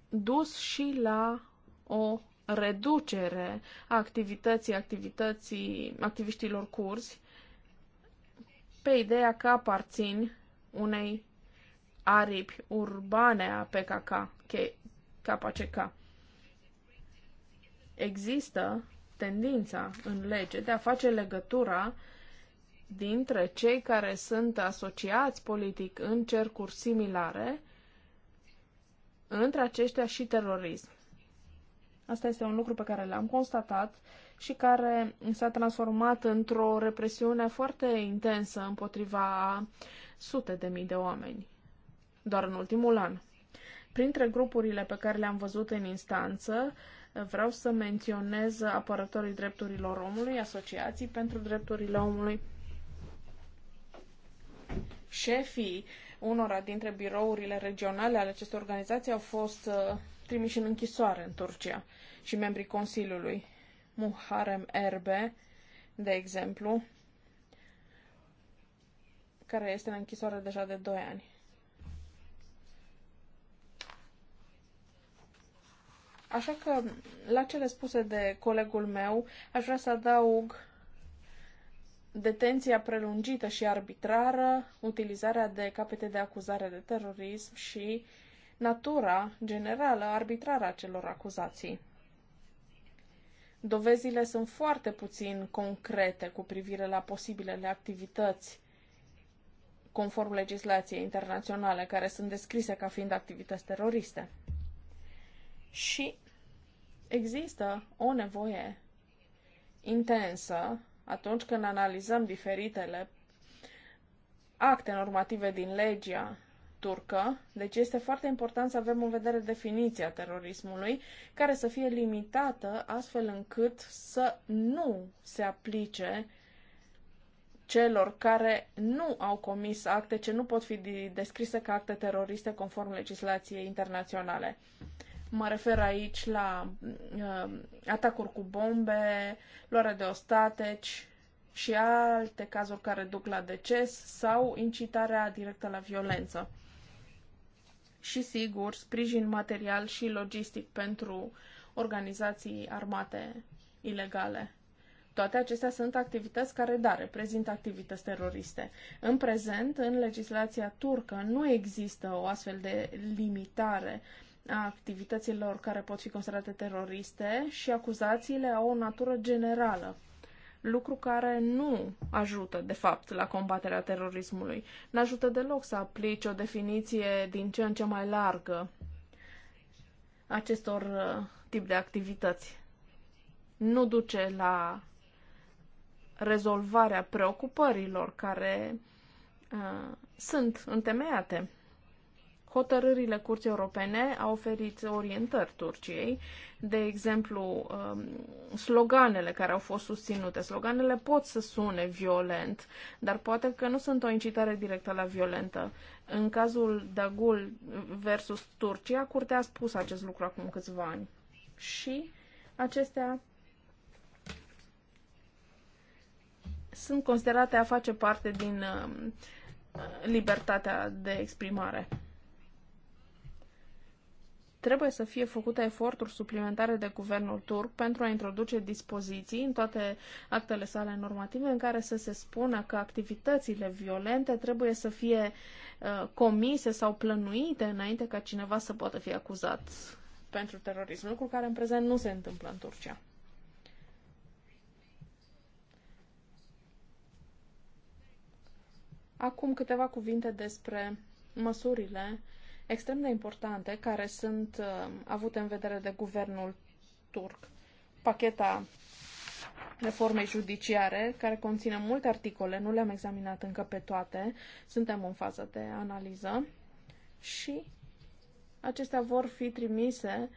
dus și la o reducere a activității, activității activiștilor curzi pe ideea că aparțin unei aripi urbane a PKK, KPCK. Există tendința în lege de a face legătura dintre cei care sunt asociați politic în cercuri similare, între aceștia și terorism. Asta este un lucru pe care l-am constatat și care s-a transformat într-o represiune foarte intensă împotriva sute de mii de oameni, doar în ultimul an. Printre grupurile pe care le-am văzut în instanță, vreau să menționez apărătorii drepturilor omului, asociații pentru drepturile omului, șefii unora dintre birourile regionale ale acestei organizații au fost uh, trimiși în închisoare în Turcia și membrii Consiliului. Muharrem Erbe, de exemplu, care este în închisoare deja de 2 ani. Așa că, la cele spuse de colegul meu, aș vrea să adaug detenția prelungită și arbitrară, utilizarea de capete de acuzare de terorism și uh, natura generală arbitrară a celor acuzații. Dovezile sunt foarte puțin concrete cu privire la posibilele activități conform legislației internaționale, care sunt descrise ca fiind activități teroriste. Și există o nevoie intensă atunci când analizăm diferitele acte normative din legea turcă, deci este foarte important să avem în vedere definiția terorismului, care să fie limitată astfel încât să nu se aplice celor care nu au comis acte ce nu pot fi descrise ca acte teroriste conform legislației internaționale. Mă refer aici la uh, atacuri cu bombe, luare de ostateci și alte cazuri care duc la deces sau incitarea directă la violență și, sigur, sprijin material și logistic pentru organizații armate ilegale. Toate acestea sunt activități care, da, reprezintă activități teroriste. În prezent, în legislația turcă, nu există o astfel de limitare a activităților care pot fi considerate teroriste și acuzațiile au o natură generală lucru care nu ajută, de fapt, la combaterea terorismului. Nu ajută deloc să aplici o definiție din ce în ce mai largă acestor uh, tip de activități. Nu duce la rezolvarea preocupărilor care uh, sunt întemeiate. Hotărârile Curții Europene au oferit orientări Turciei, de exemplu, um, sloganele care au fost susținute. Sloganele pot să sune violent, dar poate că nu sunt o incitare directă la violentă. În cazul Dagul versus Turcia, Curtea a spus acest lucru acum câțiva ani. Și acestea sunt considerate a face parte din um, libertatea de exprimare. Trebuie să fie făcute eforturi suplimentare de guvernul turc pentru a introduce dispoziții în toate actele sale normative în care să se spună că activitățile violente trebuie să fie uh, comise sau plănuite înainte ca cineva să poată fi acuzat pentru terorism, lucru care în prezent nu se întâmplă în Turcia. Acum câteva cuvinte despre măsurile extrem de importante care sunt uh, avute în vedere de guvernul turc. Pacheta reformei judiciare, care conține multe articole, nu le-am examinat încă pe toate, suntem în fază de analiză și acestea vor fi trimise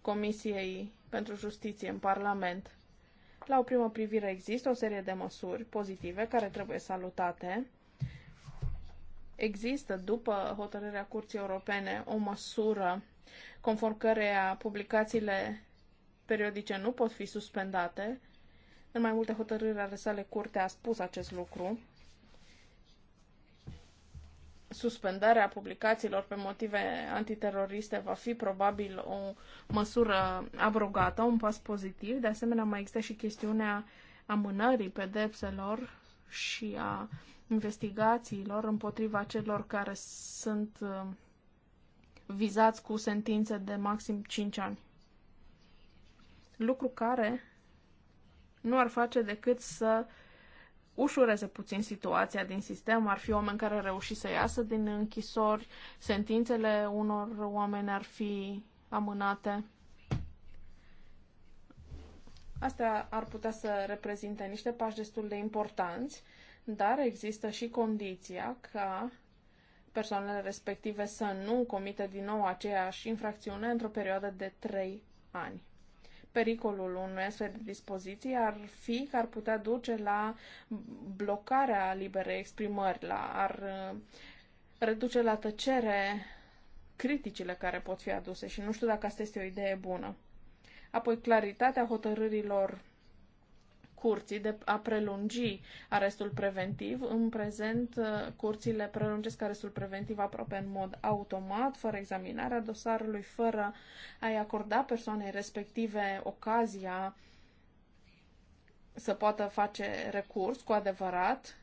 Comisiei pentru Justiție în Parlament. La o primă privire există o serie de măsuri pozitive care trebuie salutate Există, după hotărârea Curții Europene, o măsură conform căreia publicațiile periodice nu pot fi suspendate. În mai multe hotărâri ale sale, Curtea a spus acest lucru. Suspendarea publicațiilor pe motive antiteroriste va fi probabil o măsură abrogată, un pas pozitiv. De asemenea, mai există și chestiunea amânării pedepselor și a investigațiilor împotriva celor care sunt uh, vizați cu sentințe de maxim 5 ani. Lucru care nu ar face decât să ușureze puțin situația din sistem, ar fi oameni care reuși să iasă din închisori, sentințele unor oameni ar fi amânate. Asta ar putea să reprezinte niște pași destul de importanți dar există și condiția ca persoanele respective să nu comită din nou aceeași infracțiune într-o perioadă de 3 ani. Pericolul unui astfel de dispoziție ar fi că ar putea duce la blocarea liberei exprimări, la ar uh, reduce la tăcere criticile care pot fi aduse și nu știu dacă asta este o idee bună. Apoi, claritatea hotărârilor curții de a prelungi arestul preventiv. În prezent, uh, curțile prelungesc arestul preventiv aproape în mod automat, fără examinarea dosarului, fără a-i acorda persoanei respective ocazia să poată face recurs cu adevărat.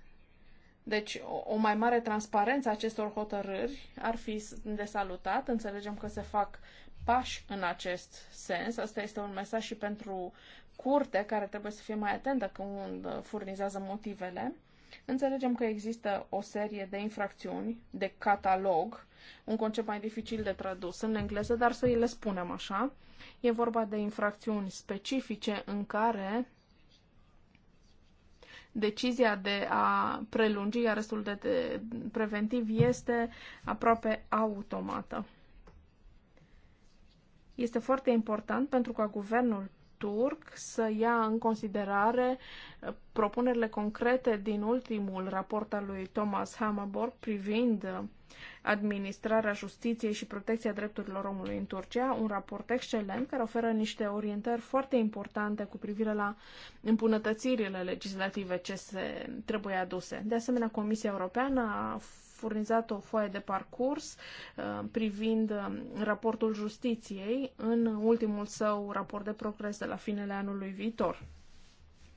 Deci, o, mai mare transparență a acestor hotărâri ar fi de salutat. Înțelegem că se fac pași în acest sens. Asta este un mesaj și pentru curte care trebuie să fie mai atentă când furnizează motivele. Înțelegem că există o serie de infracțiuni, de catalog, un concept mai dificil de tradus în engleză, dar să îi le spunem așa. E vorba de infracțiuni specifice în care decizia de a prelungi arestul de, de preventiv este aproape automată. Este foarte important pentru ca guvernul turc să ia în considerare propunerile concrete din ultimul raport al lui Thomas Hammerborg privind administrarea justiției și protecția drepturilor omului în Turcia, un raport excelent care oferă niște orientări foarte importante cu privire la îmbunătățirile legislative ce se trebuie aduse. De asemenea, Comisia Europeană a furnizat o foaie de parcurs uh, privind um, raportul justiției în ultimul său raport de progres de la finele anului viitor.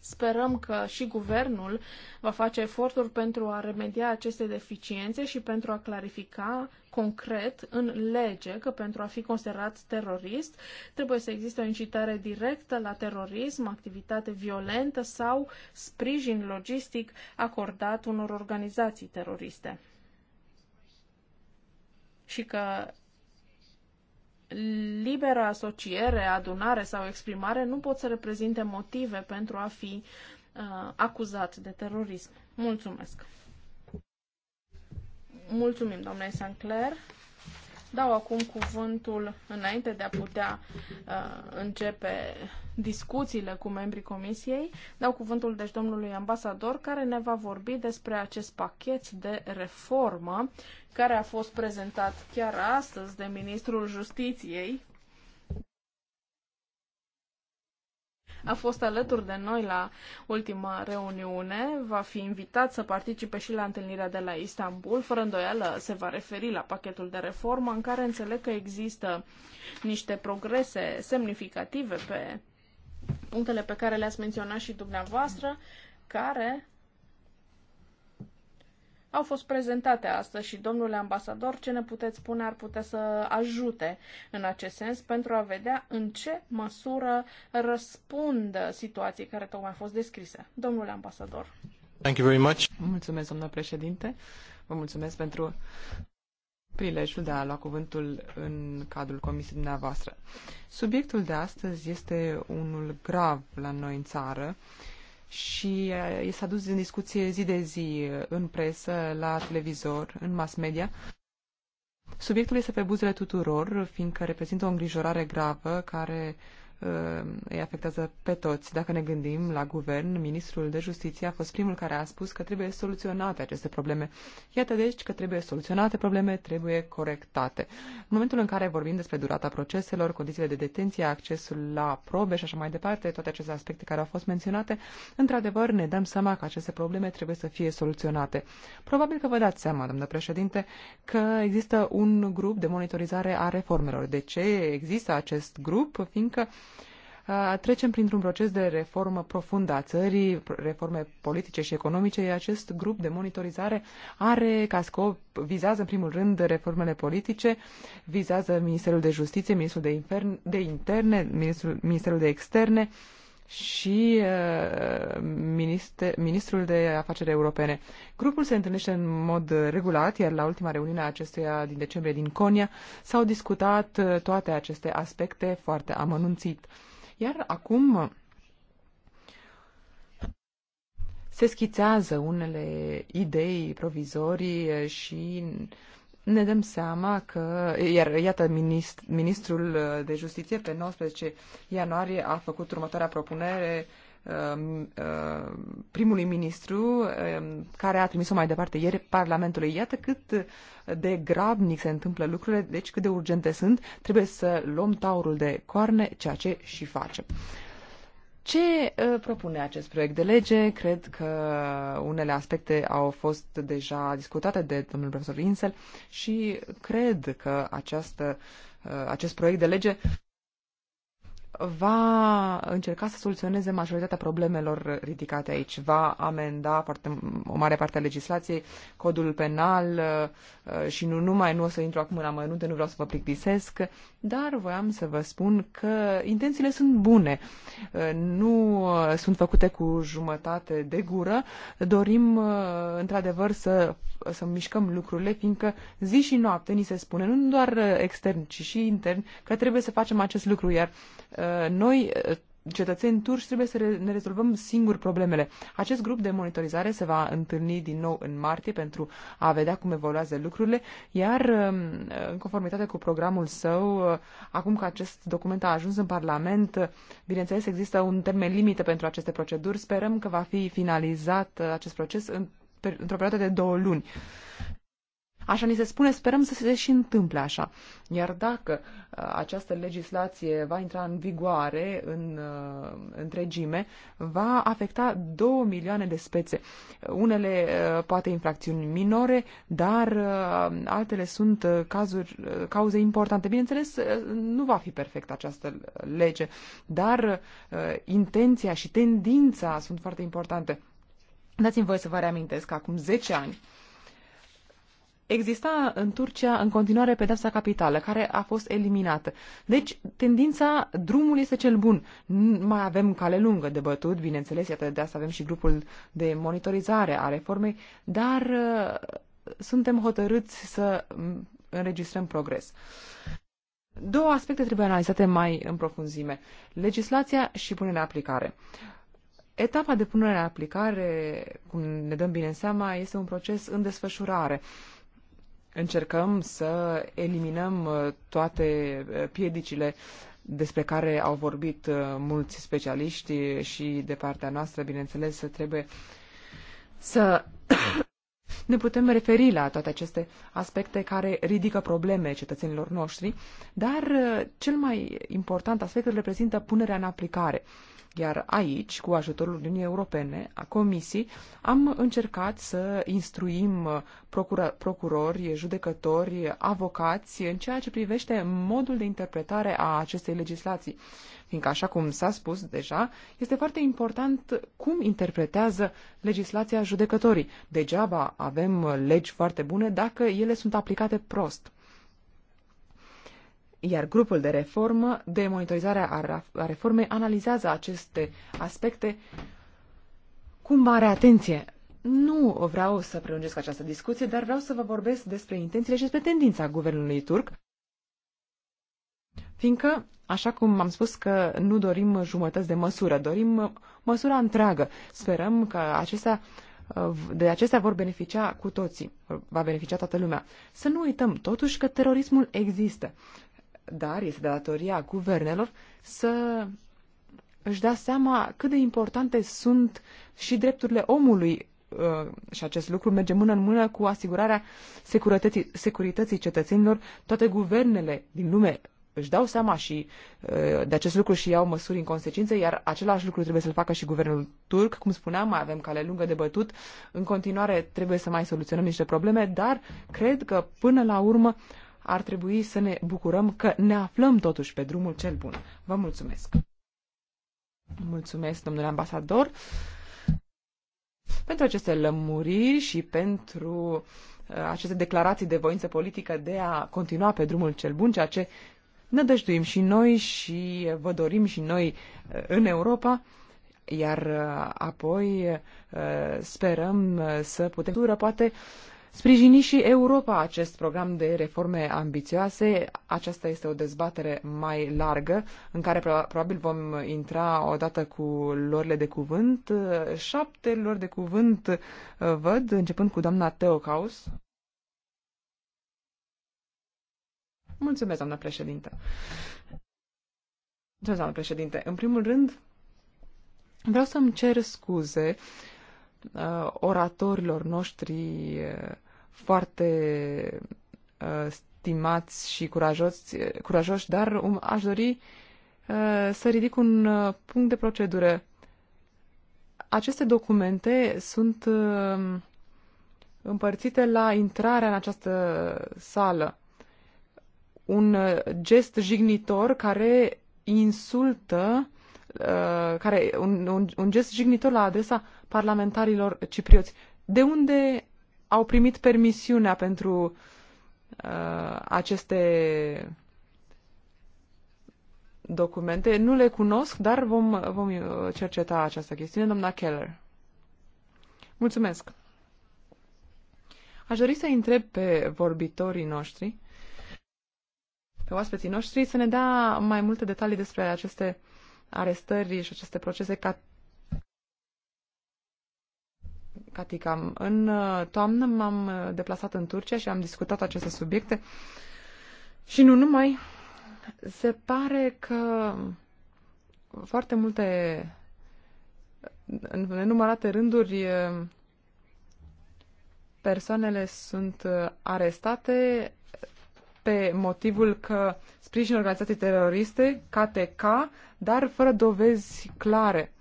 Sperăm că și guvernul va face eforturi pentru a remedia aceste deficiențe și pentru a clarifica concret în lege că pentru a fi considerat terorist trebuie să existe o incitare directă la terorism, activitate violentă sau sprijin logistic acordat unor organizații teroriste și că libera asociere, adunare sau exprimare nu pot să reprezinte motive pentru a fi uh, acuzat de terorism. Mulțumesc! Mulțumim, doamnei Sancler. Dau acum cuvântul, înainte de a putea uh, începe discuțiile cu membrii comisiei, dau cuvântul deci domnului ambasador care ne va vorbi despre acest pachet de reformă care a fost prezentat chiar astăzi de Ministrul Justiției, a fost alături de noi la ultima reuniune, va fi invitat să participe și la întâlnirea de la Istanbul. Fără îndoială se va referi la pachetul de reformă în care înțeleg că există niște progrese semnificative pe punctele pe care le-ați menționat și dumneavoastră, care au fost prezentate astăzi și, domnule ambasador, ce ne puteți spune ar putea să ajute în acest sens pentru a vedea în ce măsură răspund situații care tocmai au fost descrise. Domnule ambasador. Thank you very much. Mulțumesc, domnule președinte. Vă mulțumesc pentru prilejul de a lua cuvântul în cadrul comisiei dumneavoastră. Subiectul de astăzi este unul grav la noi în țară și uh, s-a dus în discuție zi de zi în presă, la televizor, în mass media. Subiectul este pe buzele tuturor, fiindcă reprezintă o îngrijorare gravă care uh, Uh, îi afectează pe toți. Dacă ne gândim la guvern, ministrul de justiție a fost primul care a spus că trebuie soluționate aceste probleme. Iată deci că trebuie soluționate probleme, trebuie corectate. În momentul în care vorbim despre durata proceselor, condițiile de detenție, accesul la probe și așa mai departe, toate aceste aspecte care au fost menționate, într-adevăr ne dăm seama că aceste probleme trebuie să fie soluționate. Probabil că vă dați seama, domnule președinte, că există un grup de monitorizare a reformelor. De ce există acest grup? Fiindcă trecem printr-un proces de reformă profundă a țării, reforme politice și economice. Acest grup de monitorizare are ca scop, vizează în primul rând reformele politice, vizează Ministerul de Justiție, Ministerul de, Infern, de Interne, Ministerul, Ministerul de Externe, și uh, minister, ministrul de afaceri europene. Grupul se întâlnește în mod regulat, iar la ultima reuniune a acestuia din decembrie din Conia s-au discutat uh, toate aceste aspecte foarte amănunțit. Iar acum uh, se schițează unele idei provizorii uh, și ne dăm seama că, iar iată, ministrul uh, de justiție pe 19 ianuarie a făcut următoarea propunere Um, uh, primului ministru, um, care a trimis-o mai departe ieri Parlamentului. Iată cât de grabnic se întâmplă lucrurile, deci cât de urgente sunt. Trebuie să luăm taurul de coarne, ceea ce și facem. Ce uh, propune acest proiect de lege? Cred că unele aspecte au fost deja discutate de domnul profesor Insel și cred că această, uh, acest proiect de lege va încerca să soluționeze majoritatea problemelor ridicate aici. Va amenda foarte, o mare parte a legislației, codul penal uh, și nu numai, nu o să intru acum în amănunte, nu vreau să vă plictisesc, dar voiam să vă spun că intențiile sunt bune. Uh, nu uh, sunt făcute cu jumătate de gură. Dorim, într-adevăr, să, să mișcăm lucrurile, fiindcă zi și noapte ni se spune, nu doar extern, ci și intern, că trebuie să facem acest lucru, iar Uh, noi uh, cetățeni turci trebuie să ne rezolvăm singuri problemele. Acest grup de monitorizare se va întâlni din nou în martie pentru a vedea cum evoluează lucrurile, iar um, în conformitate cu programul său, uh, acum că acest document a ajuns în Parlament, bineînțeles există un termen limită pentru aceste proceduri, sperăm că va fi finalizat acest proces în, într-o perioadă de două luni. Așa ni se spune, sperăm să se și întâmple așa. Iar dacă uh, această legislație va intra în vigoare în uh, întregime, va afecta două milioane de spețe. Unele uh, poate infracțiuni minore, dar altele sunt cazuri, cauze importante. Bineînțeles, nu va fi perfectă această lege, dar intenția și tendința sunt foarte importante. Dați-mi voi să vă reamintesc că acum 10 ani, exista în Turcia în continuare pedepsa capitală, care a fost eliminată. Deci, tendința, drumul este cel bun. Mai avem cale lungă de bătut, bineînțeles, iată de asta avem și grupul de monitorizare a reformei, dar uh, suntem hotărâți să mm, înregistrăm progres. Două aspecte trebuie analizate mai în profunzime. Legislația și punerea în aplicare. Etapa de punere în aplicare, cum ne dăm bine seama, este un proces în desfășurare încercăm să eliminăm uh, toate uh, piedicile despre care au vorbit uh, mulți specialiști și de partea noastră, bineînțeles, trebuie să ne putem referi la toate aceste aspecte care ridică probleme cetățenilor noștri, dar cel mai important aspect reprezintă punerea în aplicare. Iar aici, cu ajutorul Uniunii Europene, a Comisiei, am încercat să instruim uh, procura- procurori, judecători, avocați în ceea ce privește modul de interpretare a acestei legislații. Fiindcă, așa cum s-a spus deja, este foarte important cum interpretează legislația judecătorii. Degeaba avem legi foarte bune dacă ele sunt aplicate prost. Iar grupul de reformă, de monitorizare a, reformei, analizează aceste aspecte cu mare atenție. Nu vreau să prelungesc această discuție, dar vreau să vă vorbesc despre intențiile și despre tendința guvernului turc, fiindcă, așa cum am spus că nu dorim jumătăți de măsură, dorim măsura întreagă. Sperăm că acestea, de acestea vor beneficia cu toții, va beneficia toată lumea. Să nu uităm totuși că terorismul există dar este de datoria guvernelor să își dea seama cât de importante sunt și drepturile omului uh, și acest lucru merge mână în mână cu asigurarea securității, securității cetățenilor. Toate guvernele din lume își dau seama și uh, de acest lucru și iau măsuri în consecință, iar același lucru trebuie să-l facă și guvernul turc. Cum spuneam, mai avem cale lungă de bătut. În continuare trebuie să mai soluționăm niște probleme, dar cred că până la urmă ar trebui să ne bucurăm că ne aflăm totuși pe drumul cel bun. Vă mulțumesc! Mulțumesc, domnule ambasador, pentru aceste lămuriri și pentru uh, aceste declarații de voință politică de a continua pe drumul cel bun, ceea ce nădăjduim și noi și vă dorim și noi uh, în Europa, iar uh, apoi sperăm să putem, poate, sprijini și Europa acest program de reforme ambițioase. Aceasta este o dezbatere mai largă în care probabil vom intra odată cu lorile de cuvânt. Șapte lor de cuvânt uh, văd, începând cu doamna Teocaus. Mulțumesc, doamna președinte. Mulțumesc, doamna președinte. În primul rând, vreau să-mi cer scuze uh, uh, oratorilor noștri uh, foarte uh, stimați și curajoși, uh, curajoși dar um, aș dori uh, să ridic un uh, punct de procedură. Aceste documente sunt uh, împărțite la intrarea în această sală. Un uh, gest jignitor care insultă Uh, care, un, un, un gest jignitor la adresa parlamentarilor ciprioți. De unde au primit permisiunea pentru uh, aceste documente? Nu le cunosc, dar vom, vom uh, cerceta această chestiune, doamna Keller. Mulțumesc! Aș dori să întreb pe vorbitorii noștri, pe oaspeții noștri, să ne dea mai multe detalii despre aceste uh, arestări și aceste procese ca Caticam. În uh, toamnă m-am uh, deplasat în Turcia și am discutat aceste subiecte și nu numai. Se pare că foarte multe, în nenumărate rânduri, uh, persoanele sunt arestate pe motivul că sprijină organizații teroriste, KTK, dar fără dovezi clare.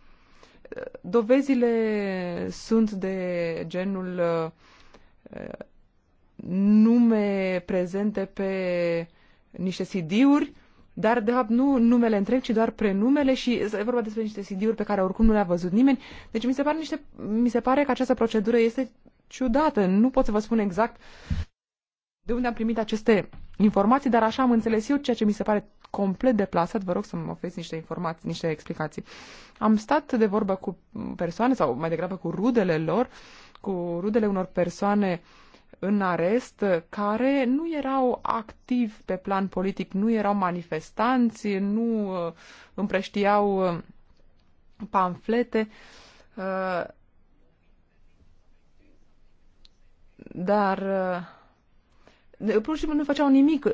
Dovezile sunt de genul uh, nume prezente pe niște CD-uri, dar de fapt nu numele întreg, ci doar prenumele și e vorba despre niște CD-uri pe care oricum nu le-a văzut nimeni. Deci mi se, pare niște, mi se pare că această procedură este ciudată. Nu pot să vă spun exact de unde am primit aceste informații, dar așa am înțeles eu, ceea ce mi se pare complet deplasat, vă rog să-mi oferiți niște informații, niște explicații. Am stat de vorbă cu persoane, sau mai degrabă cu rudele lor, cu rudele unor persoane în arest care nu erau activi pe plan politic, nu erau manifestanți, nu uh, împreștiau uh, pamflete, uh, dar pur și simplu nu făceau nimic.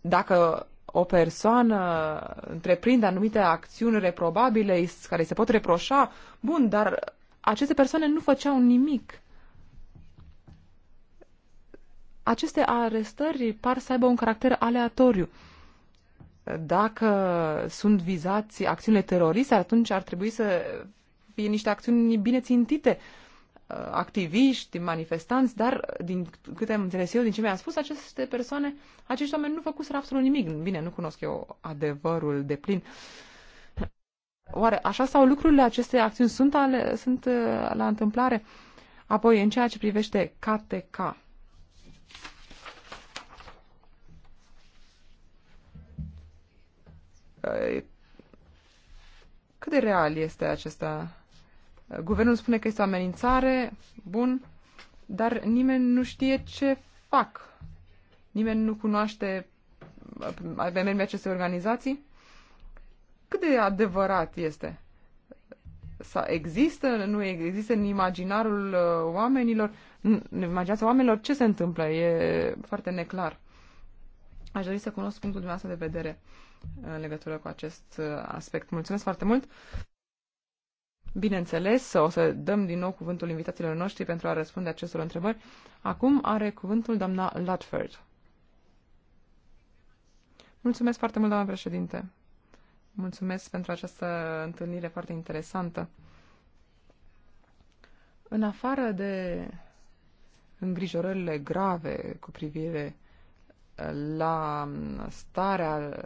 Dacă o persoană întreprinde anumite acțiuni reprobabile care se pot reproșa, bun, dar aceste persoane nu făceau nimic. Aceste arestări par să aibă un caracter aleatoriu. Dacă sunt vizați acțiunile teroriste, atunci ar trebui să fie niște acțiuni bine țintite. Uh, Uh, activiști, manifestanți, dar din câte am înțeles eu, din ce mi-a spus, aceste persoane, acești oameni nu făcuseră absolut nimic. Bine, nu cunosc eu adevărul de plin. Oare așa sau lucrurile aceste acțiuni sunt, ale, sunt uh, la întâmplare? Apoi, în ceea ce privește KTK, uh, cât de real este acesta? Guvernul spune că este o amenințare, bun, dar nimeni nu știe ce fac. Nimeni nu cunoaște uh, membrii acestei organizații. Cât de adevărat este? Sau există, nu există în imaginarul uh, oamenilor, în imaginația oamenilor ce se întâmplă? E foarte neclar. Aș dori să cunosc punctul dumneavoastră de vedere uh, în legătură cu acest aspect. Mulțumesc foarte mult! Bineînțeles, o să dăm din nou cuvântul invitațiilor noștri pentru a răspunde acestor întrebări. Acum are cuvântul doamna Ludford. Mulțumesc foarte mult, doamna președinte. Mulțumesc pentru această întâlnire foarte interesantă. În afară de îngrijorările grave cu privire la starea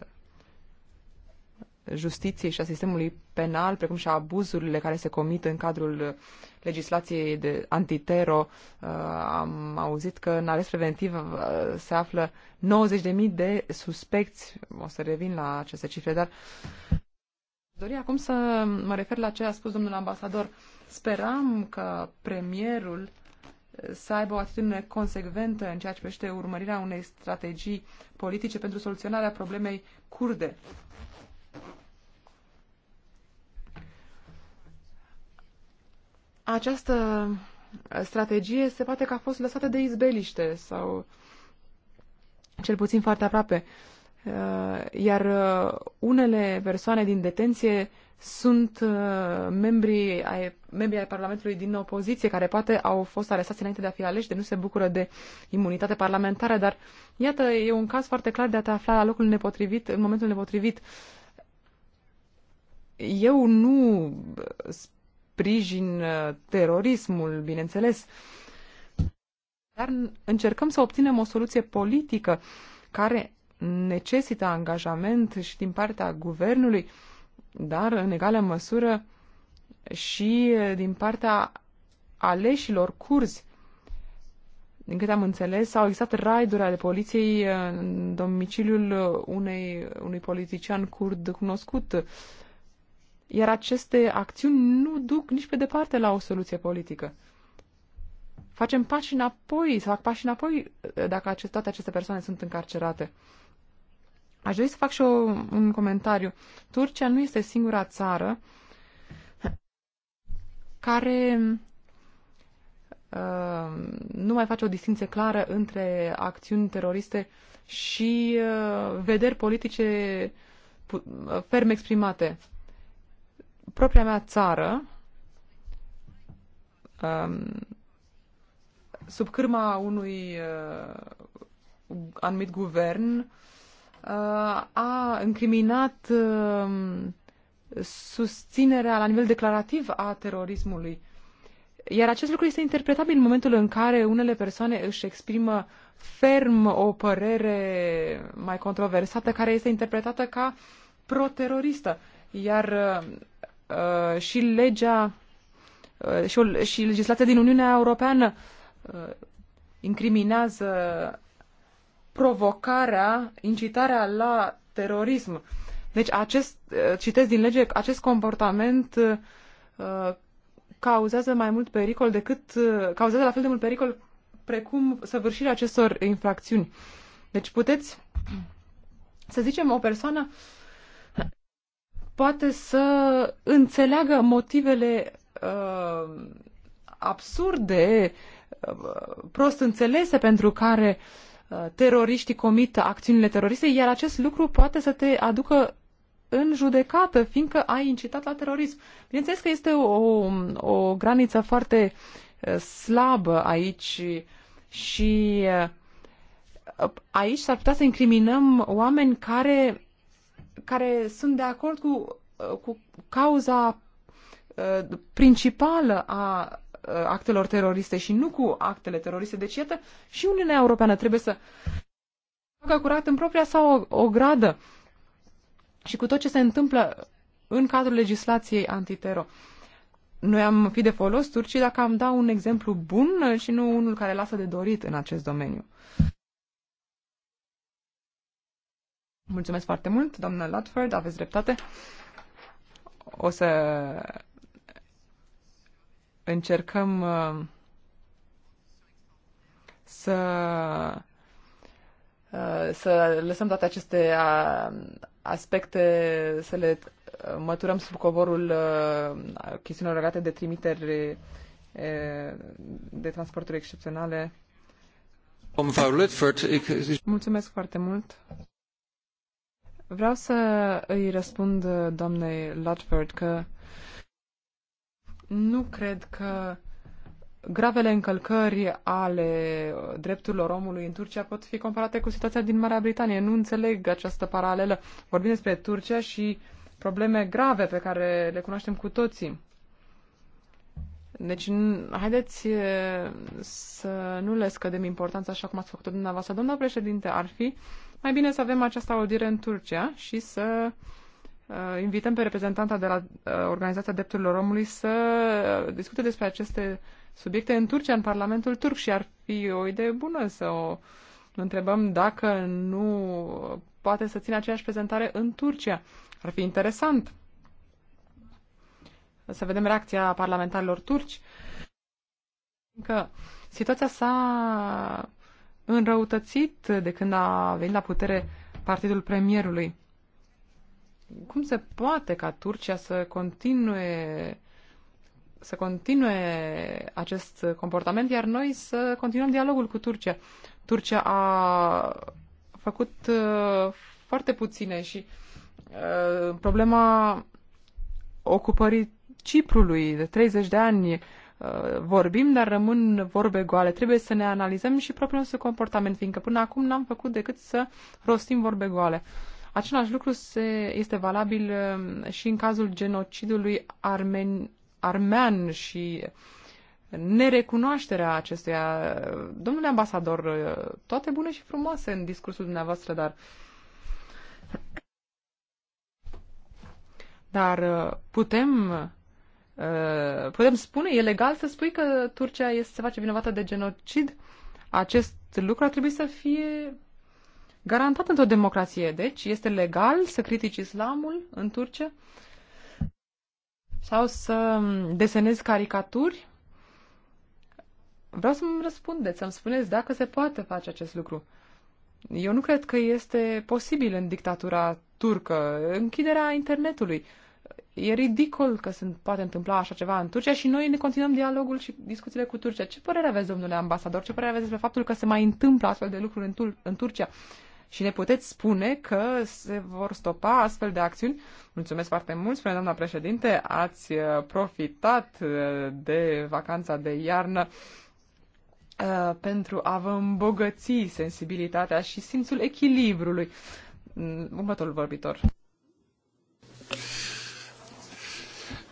justiției și a sistemului penal, precum și a abuzurile care se comit în cadrul uh, legislației de antitero. Uh, am auzit că în arest preventiv uh, se află 90.000 de suspecți. O să revin la aceste cifre, dar dori acum să mă refer la ce a spus domnul ambasador. Speram că premierul să aibă o atitudine consecventă în ceea ce privește urmărirea unei strategii politice pentru soluționarea problemei curde Această uh, strategie se poate că a fost lăsată de izbeliște sau cel puțin foarte aproape. Uh, iar uh, unele persoane din detenție sunt membri ai, membri ai Parlamentului din opoziție, care poate au fost arestați înainte de a fi aleși, de nu se bucură de imunitate parlamentară, dar iată, e un caz foarte clar de a te afla la locul nepotrivit, în momentul nepotrivit. Eu nu sprijin uh, terorismul, bineînțeles. Dar încercăm să obținem o soluție politică care necesită angajament și din partea guvernului, dar în egală măsură și uh, din partea aleșilor curzi. Din câte am înțeles, au existat raiduri ale poliției uh, în domiciliul unei, unui politician curd cunoscut iar aceste acțiuni nu duc nici pe departe la o soluție politică. Facem pași înapoi, să fac pași înapoi eh, dacă acest, toate aceste persoane sunt încarcerate. Aș dori să fac și o, un comentariu. Turcia nu este singura țară care uh, nu mai face o distinție clară între acțiuni teroriste și uh, vederi politice ferm exprimate propria mea țară, um, sub cârma unui uh, anumit guvern, uh, a încriminat um, susținerea la nivel declarativ a terorismului. Iar acest lucru este interpretabil în momentul în care unele persoane își exprimă ferm o părere mai controversată care este interpretată ca pro-teroristă. Iar uh, Uh, și legea uh, și, o, și legislația din Uniunea Europeană uh, incriminează provocarea, incitarea la terorism. Deci, acest, uh, citesc din lege, acest comportament uh, cauzează mai mult pericol decât, uh, cauzează la fel de mult pericol precum săvârșirea acestor infracțiuni. Deci puteți, să zicem, o persoană uh, poate să înțeleagă motivele uh, absurde, uh, prost înțelese pentru care uh, teroriștii comit acțiunile teroriste, iar acest lucru poate să te aducă în judecată, fiindcă ai incitat la terorism. Bineînțeles că este o, o graniță foarte uh, slabă aici și uh, aici s-ar putea să incriminăm oameni care care sunt de acord cu, uh, cu cauza uh, principală a uh, actelor teroriste și nu cu actele teroriste. Deci, iată, și Uniunea Europeană trebuie să facă curat în propria sau o, o gradă și cu tot ce se întâmplă în cadrul legislației antitero. Noi am fi de folos Turcii dacă am da un exemplu bun și nu unul care lasă de dorit în acest domeniu. Mulțumesc foarte mult, doamnă Latford, aveți dreptate. O să încercăm uh, să uh, să lăsăm toate aceste uh, aspecte, să le măturăm sub covorul chestiunilor legate de trimiteri de transporturi excepționale. Mulțumesc foarte mult. Vreau să îi răspund uh, doamnei Ludford că nu cred că gravele încălcări ale uh, drepturilor omului în Turcia pot fi comparate cu situația din Marea Britanie. Nu înțeleg această paralelă. Vorbim despre Turcia și probleme grave pe care le cunoaștem cu toții. Deci, haideți uh, să nu le scădem importanța așa cum ați făcut-o dumneavoastră. Doamna președinte, ar fi uh, mai bine să avem această audiere în Turcia și să uh, invităm pe reprezentanta de la uh, Organizația Drepturilor Omului să uh, discute despre aceste subiecte în Turcia, în Parlamentul turc și ar fi o idee bună să o întrebăm dacă nu poate să țină aceeași prezentare în Turcia. Ar fi interesant să vedem reacția parlamentarilor turci. Că situația s-a înrăutățit de când a venit la putere partidul premierului. Cum se poate ca Turcia să continue să continue acest comportament, iar noi să continuăm dialogul cu Turcia. Turcia a făcut uh, foarte puține și uh, problema ocupării Ciprului de 30 de ani Uh, vorbim, dar rămân vorbe goale. Trebuie să ne analizăm și propriul nostru comportament, fiindcă până acum n-am făcut decât să rostim vorbe goale. Același lucru se, este valabil uh, și în cazul genocidului armen, armean și nerecunoașterea acestuia. Domnule ambasador, uh, toate bune și frumoase în discursul dumneavoastră, dar dar putem Uh, putem spune, e legal să spui că Turcia este, se face vinovată de genocid? Acest lucru ar trebui să fie garantat într-o democrație. Deci, este legal să critici islamul în Turcia? Sau să desenezi caricaturi? Vreau să-mi răspundeți, să-mi spuneți dacă se poate face acest lucru. Eu nu cred că este posibil în dictatura turcă. Închiderea internetului e ridicol că se poate întâmpla așa ceva în Turcia și noi ne continuăm dialogul și discuțiile cu Turcia. Ce părere aveți, domnule ambasador? Ce părere aveți despre faptul că se mai întâmplă astfel de lucruri în, Tur- în Turcia? Și ne puteți spune că se vor stopa astfel de acțiuni? Mulțumesc foarte mult, spune doamna președinte. Ați uh, profitat uh, de vacanța de iarnă uh, pentru a vă îmbogăți sensibilitatea și simțul echilibrului. Mm, următorul vorbitor.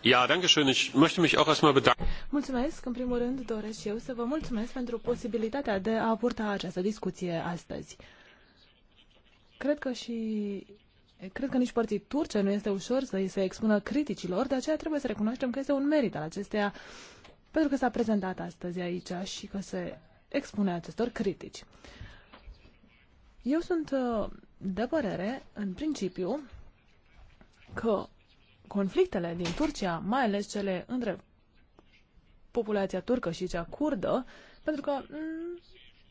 Ich möchte mich auch erstmal bedanken. Mulțumesc. În primul rând doresc și eu să vă mulțumesc pentru posibilitatea de a purta această discuție astăzi. Cred că și Cred că nici părții turce nu este ușor să îi se expună criticilor, de aceea trebuie să recunoaștem că este un merit al acesteia pentru că s-a prezentat astăzi aici și că se expune acestor critici. Eu sunt uh, de părere, în principiu, că conflictele din Turcia, mai ales cele între populația turcă și cea curdă, pentru că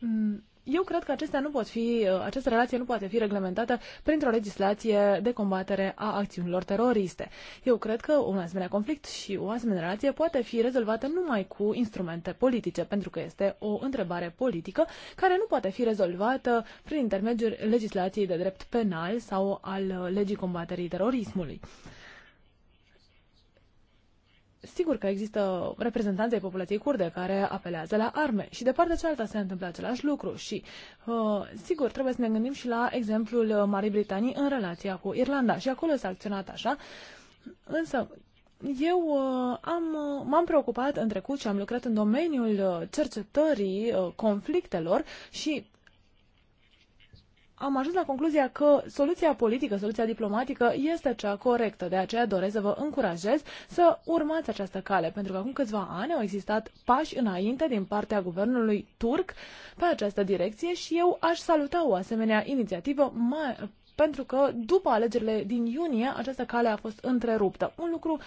mm, mm, eu cred că acestea nu pot fi, uh, această relație nu poate fi reglementată printr-o legislație de combatere a acțiunilor teroriste. Eu cred că un asemenea conflict și o asemenea relație poate fi rezolvată numai cu instrumente politice, pentru că este o întrebare politică care nu poate fi rezolvată prin intermediul legislației de drept penal sau al uh, legii combaterii terorismului. Sigur că există reprezentanții ai populației kurde care apelează la arme și de partea cealaltă se întâmplă același lucru și uh, sigur trebuie să ne gândim și la exemplul Marii Britanii în relația cu Irlanda și acolo s-a acționat așa, însă eu uh, am, uh, m-am preocupat în trecut și am lucrat în domeniul uh, cercetării uh, conflictelor și am ajuns la concluzia că soluția politică, soluția diplomatică este cea corectă. De aceea doresc să vă încurajez să urmați această cale, pentru că acum câțiva ani au existat pași înainte din partea guvernului turc pe această direcție și eu aș saluta o asemenea inițiativă mai, pentru că după alegerile din iunie această cale a fost întreruptă. Un lucru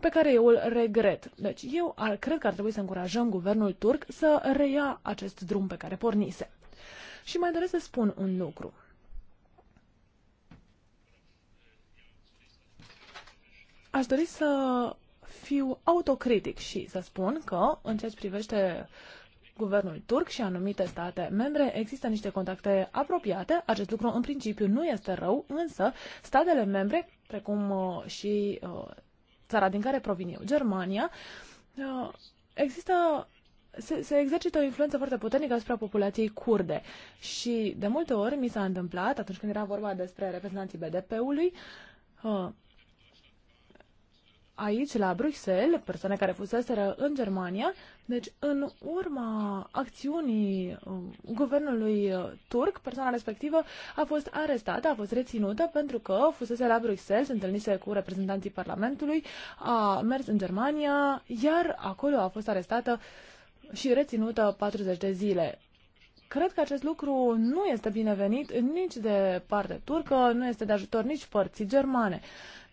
pe care eu îl regret. Deci eu ar, cred că ar trebui să încurajăm guvernul turc să reia acest drum pe care pornise. Și mai doresc să spun un lucru. Aș dori să fiu autocritic și să spun că, în ceea ce privește guvernul turc și anumite state membre, există niște contacte apropiate. Acest lucru, în principiu, nu este rău, însă statele membre, precum uh, și uh, țara din care provin eu, Germania, uh, există se, se exercită o influență foarte puternică asupra populației kurde. Și de multe ori mi s-a întâmplat, atunci când era vorba despre reprezentanții BDP-ului, uh, aici, la Bruxelles, persoane care fuseseră în Germania, deci în urma acțiunii uh, guvernului uh, turc, persoana respectivă a fost arestată, a fost reținută pentru că fusese la Bruxelles, se întâlnise cu reprezentanții Parlamentului, a mers în Germania, iar acolo a fost arestată uh, și reținută 40 de zile. Cred că acest lucru nu este binevenit nici de parte turcă, nu este de ajutor nici părții germane.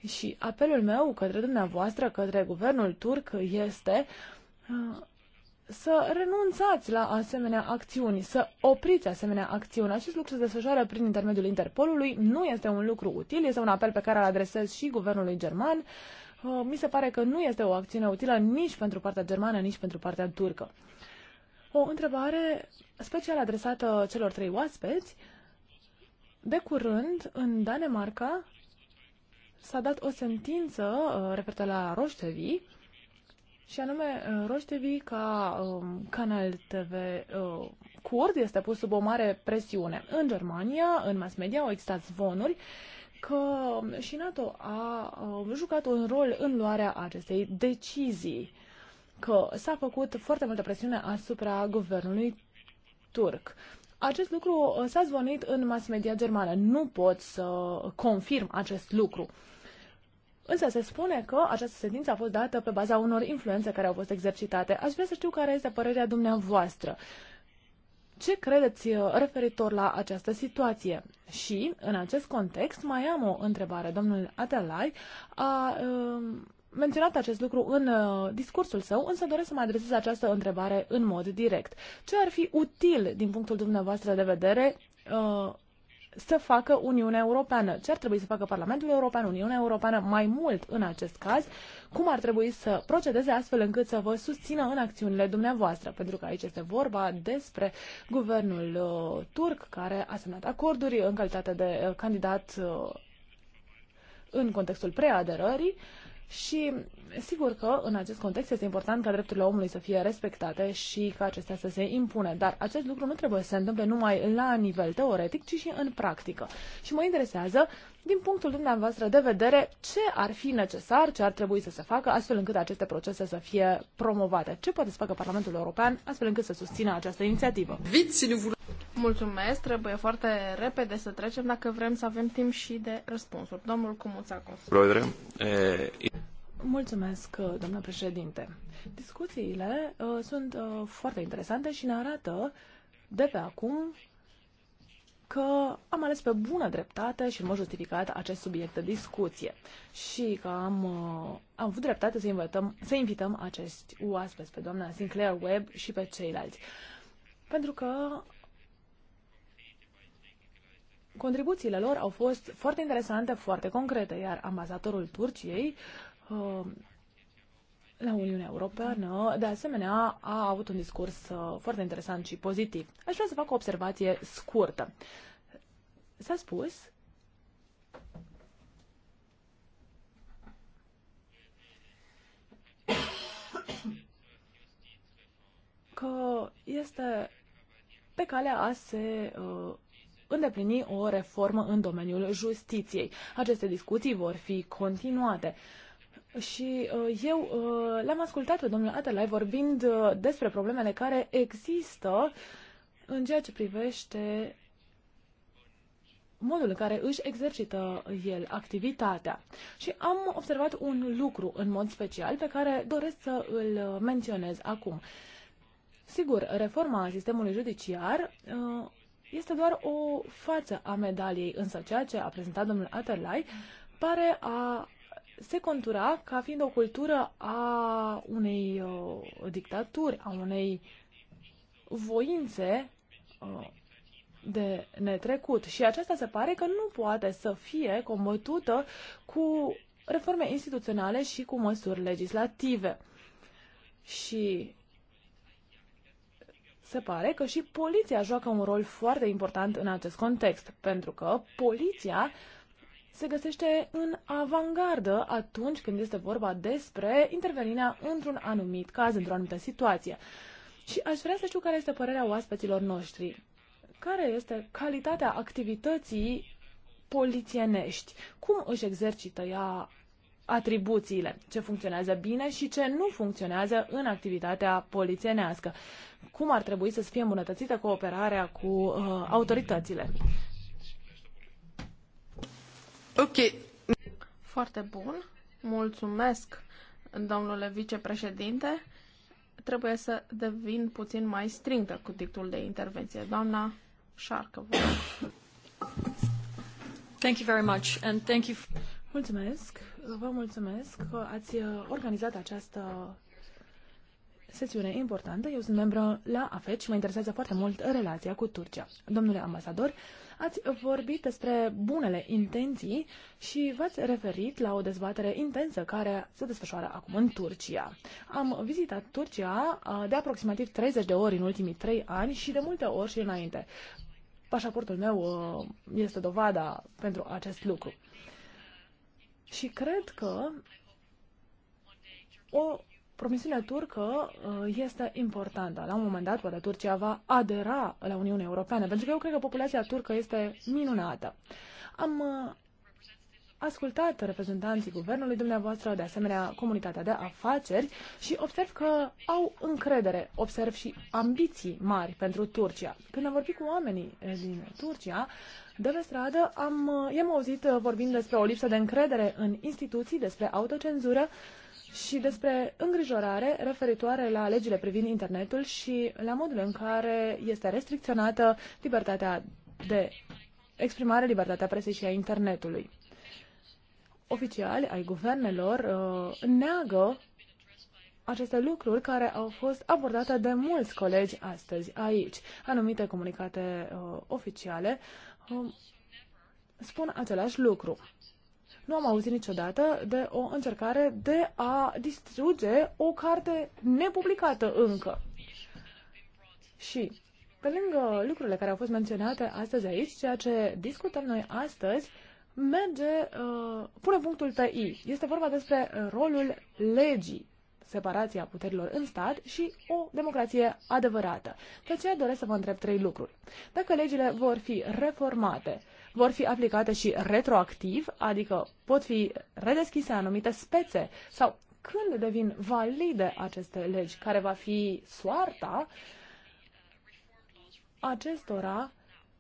Și apelul meu către dumneavoastră, către guvernul turc, este uh, să renunțați la asemenea acțiuni, să opriți asemenea acțiuni. Acest lucru se desfășoară prin intermediul Interpolului, nu este un lucru util, este un apel pe care îl adresez și guvernului german Uh, mi se pare că nu este o acțiune utilă nici pentru partea germană, nici pentru partea turcă. O întrebare special adresată celor trei oaspeți. De curând, în Danemarca, s-a dat o sentință uh, referită la Roștevi, și anume uh, Roștevi ca um, canal TV uh, curd este pus sub o mare presiune. În Germania, în mass media, au existat zvonuri că și NATO a um, jucat un rol în luarea acestei decizii, că s-a făcut foarte multă presiune asupra guvernului turc. Acest lucru uh, s-a zvonit în mass media germană. Nu pot să confirm acest lucru. Însă se spune că această sentință a fost dată pe baza unor influențe care au fost exercitate. Aș vrea să știu care este părerea dumneavoastră ce credeți uh, referitor la această situație? Și, în acest context, mai am o întrebare. Domnul Atalai a uh, menționat acest lucru în uh, discursul său, însă doresc să mă adresez această întrebare în mod direct. Ce ar fi util, din punctul dumneavoastră de vedere, să facă Uniunea Europeană. Ce ar trebui să facă Parlamentul European, Uniunea Europeană mai mult în acest caz? Cum ar trebui să procedeze astfel încât să vă susțină în acțiunile dumneavoastră? Pentru că aici este vorba despre guvernul uh, turc care a semnat acorduri în calitate de uh, candidat uh, în contextul preaderării și Sigur că în acest context este important ca drepturile omului să fie respectate și ca acestea să se impune, dar acest lucru nu trebuie să se întâmple numai la nivel teoretic, ci și în practică. Și mă interesează, din punctul dumneavoastră de vedere, ce ar fi necesar, ce ar trebui să se facă, astfel încât aceste procese să fie promovate. Ce poate să facă Parlamentul European, astfel încât să susțină această inițiativă? Mulțumesc, trebuie foarte repede să trecem dacă vrem să avem timp și de răspunsuri. Domnul Cumuțacos. Mulțumesc, uh, domnule președinte. Discuțiile uh, sunt uh, foarte interesante și ne arată de pe acum că am ales pe bună dreptate și mă justificat acest subiect de discuție și că am, uh, am avut dreptate să invităm, să invităm acești oaspeți pe doamna Sinclair Webb și pe ceilalți. Pentru că contribuțiile lor au fost foarte interesante, foarte concrete, iar ambasadorul Turciei uh, Uh, la Uniunea Europeană, de asemenea, a avut un discurs uh, foarte interesant și pozitiv. Aș vrea să fac o observație scurtă. S-a spus că este pe calea a se uh, îndeplini o reformă în domeniul justiției. Aceste discuții vor fi continuate. Uh, și uh, eu uh, l-am ascultat pe domnul Atelai vorbind uh, despre problemele care există în ceea ce privește modul în care își exercită el activitatea. Și am observat un lucru în mod special pe care doresc să îl menționez acum. Sigur, reforma sistemului judiciar uh, este doar o față a medaliei, însă ceea ce a prezentat domnul Aterlai pare a se contura ca fiind o cultură a unei uh, dictaturi, a unei voințe uh, de netrecut. Și aceasta se pare că nu poate să fie combătută cu reforme instituționale și cu măsuri legislative. Și se pare că și poliția joacă un rol foarte important în acest context, pentru că poliția uh, se găsește în avangardă atunci când este vorba despre intervenirea într-un anumit caz, într-o anumită situație. Și aș vrea să știu care este părerea oaspeților noștri. Care este calitatea activității polițienești? Cum își exercită ea atribuțiile, ce funcționează bine și ce nu funcționează în activitatea polițienească. Cum ar trebui să fie îmbunătățită cooperarea cu uh, autoritățile? Ok. Foarte bun. Mulțumesc, domnule vicepreședinte. Trebuie să devin puțin mai strictă cu dictul de intervenție. Doamna Șarcă, vă Thank you very much and thank you. Mulțumesc. Vă mulțumesc că ați uh, organizat această sesiune importantă. Eu sunt membru la AFET și mă interesează foarte mult relația cu Turcia. Domnule ambasador, ați vorbit despre bunele intenții și v-ați referit la o dezbatere intensă care se desfășoară acum în Turcia. Am vizitat Turcia de aproximativ 30 de ori în ultimii 3 ani și de multe ori și înainte. Pașaportul meu este dovada pentru acest lucru. Și cred că o promisiunea turcă uh, este importantă. La un moment dat, poate Turcia va adera la Uniunea Europeană, pentru că eu cred că populația turcă este minunată. Am uh, ascultat reprezentanții guvernului dumneavoastră, de asemenea comunitatea de afaceri și observ că au încredere, observ și ambiții mari pentru Turcia. Când am vorbit cu oamenii eh, din Turcia, de pe stradă am, uh, i-am auzit vorbind despre o lipsă de încredere în instituții, despre autocenzură și despre îngrijorare referitoare la legile privind internetul și la modul în care este restricționată libertatea de exprimare, libertatea presei și a internetului. Oficiali ai guvernelor uh, neagă aceste lucruri care au fost abordate de mulți colegi astăzi aici. Anumite comunicate uh, oficiale uh, spun același lucru nu am auzit niciodată de o încercare de a distruge o carte nepublicată încă. Și pe lângă lucrurile care au fost menționate astăzi aici, ceea ce discutăm noi astăzi merge, uh, pune punctul pe I. Este vorba despre rolul legii, separația puterilor în stat și o democrație adevărată. De aceea doresc să vă întreb trei lucruri. Dacă legile vor fi reformate, uh, vor fi aplicate și retroactiv, adică pot fi redeschise anumite spețe sau când devin valide aceste legi, care va fi soarta acestora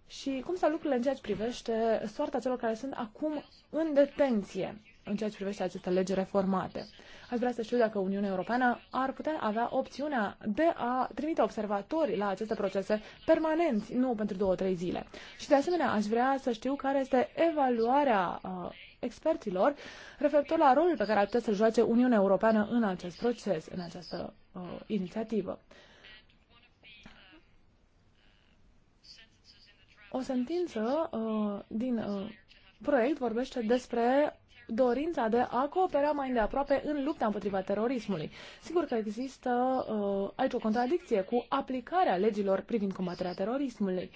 și cum să lucrurile în ceea ce privește soarta celor care sunt acum în detenție în ceea ce privește aceste legi reformate. Aș vrea să știu dacă Uniunea Europeană ar putea avea opțiunea de a trimite observatori la aceste procese permanenți, nu pentru două-trei zile. Și de asemenea, aș vrea să știu care este evaluarea uh, experților referitor la rolul pe care ar putea să-l joace Uniunea Europeană în acest proces, în această uh, inițiativă. O sentință uh, din uh, proiect vorbește despre dorința de a coopera mai îndeaproape în lupta împotriva terorismului. Sigur că există uh, aici o contradicție cu aplicarea legilor privind combaterea terorismului.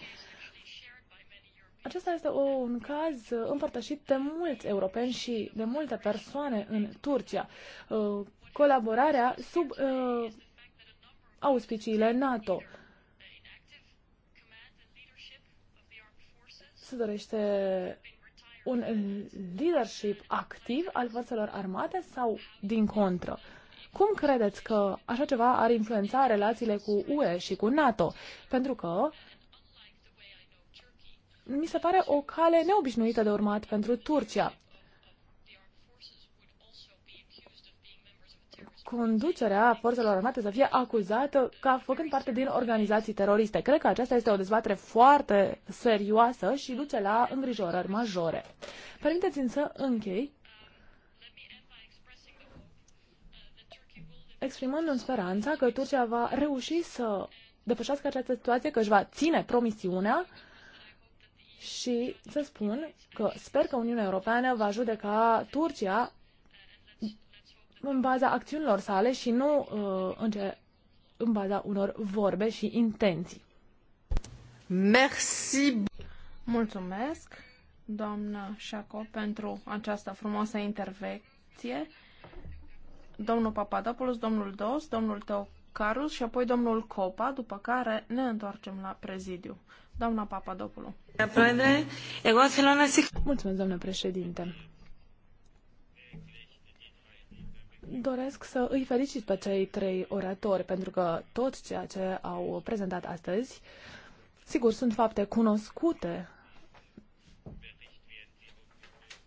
Acesta este o, un caz împărtășit de mulți europeni și de multe persoane în Turcia. Uh, colaborarea sub uh, auspiciile NATO. Se dorește un leadership activ al forțelor armate sau din contră? Cum credeți că așa ceva ar influența relațiile cu UE și cu NATO? Pentru că mi se pare o cale neobișnuită de urmat pentru Turcia. conducerea forțelor armate să fie acuzată ca făcând parte din organizații teroriste. Cred că aceasta este o dezbatere foarte serioasă și duce la îngrijorări majore. Permiteți-mi să închei exprimând în speranța că Turcia va reuși să depășească această situație, că își va ține promisiunea și să spun că sper că Uniunea Europeană va judeca Turcia în baza acțiunilor sale și nu uh, în, ce, în baza unor vorbe și intenții. Merci. Mulțumesc, doamna Șaco, pentru această frumoasă intervenție. Domnul Papadopoulos, domnul Dos, domnul Teocarus și apoi domnul Copa, după care ne întoarcem la prezidiu. Doamna Papadopoulos. Mulțumesc, doamnă președinte. doresc să îi felicit pe cei trei oratori pentru că tot ceea ce au prezentat astăzi, sigur, sunt fapte cunoscute.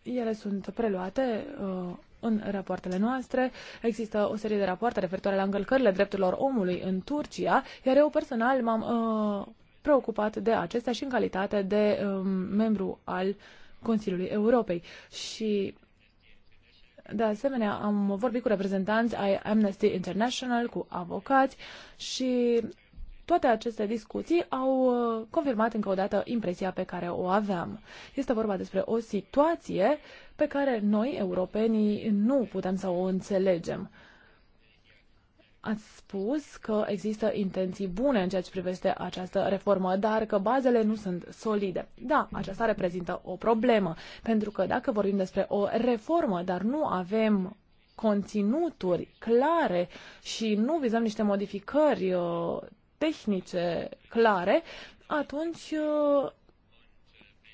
Ele sunt preluate uh, în rapoartele noastre. Există o serie de rapoarte referitoare la încălcările drepturilor omului în Turcia, iar eu personal m-am uh, preocupat de acestea și în calitate de uh, membru al Consiliului Europei. Și de asemenea, am vorbit cu reprezentanți ai Amnesty International, cu avocați și toate aceste discuții au uh, confirmat încă o dată impresia pe care o aveam. Este vorba despre o situație pe care noi, europenii, nu putem să o înțelegem. Ați spus că există intenții bune în ceea ce privește această reformă, dar că bazele nu sunt solide. Da, aceasta reprezintă o problemă, pentru că dacă vorbim despre o reformă, dar nu avem conținuturi clare și nu vizăm niște modificări uh, tehnice clare, atunci uh,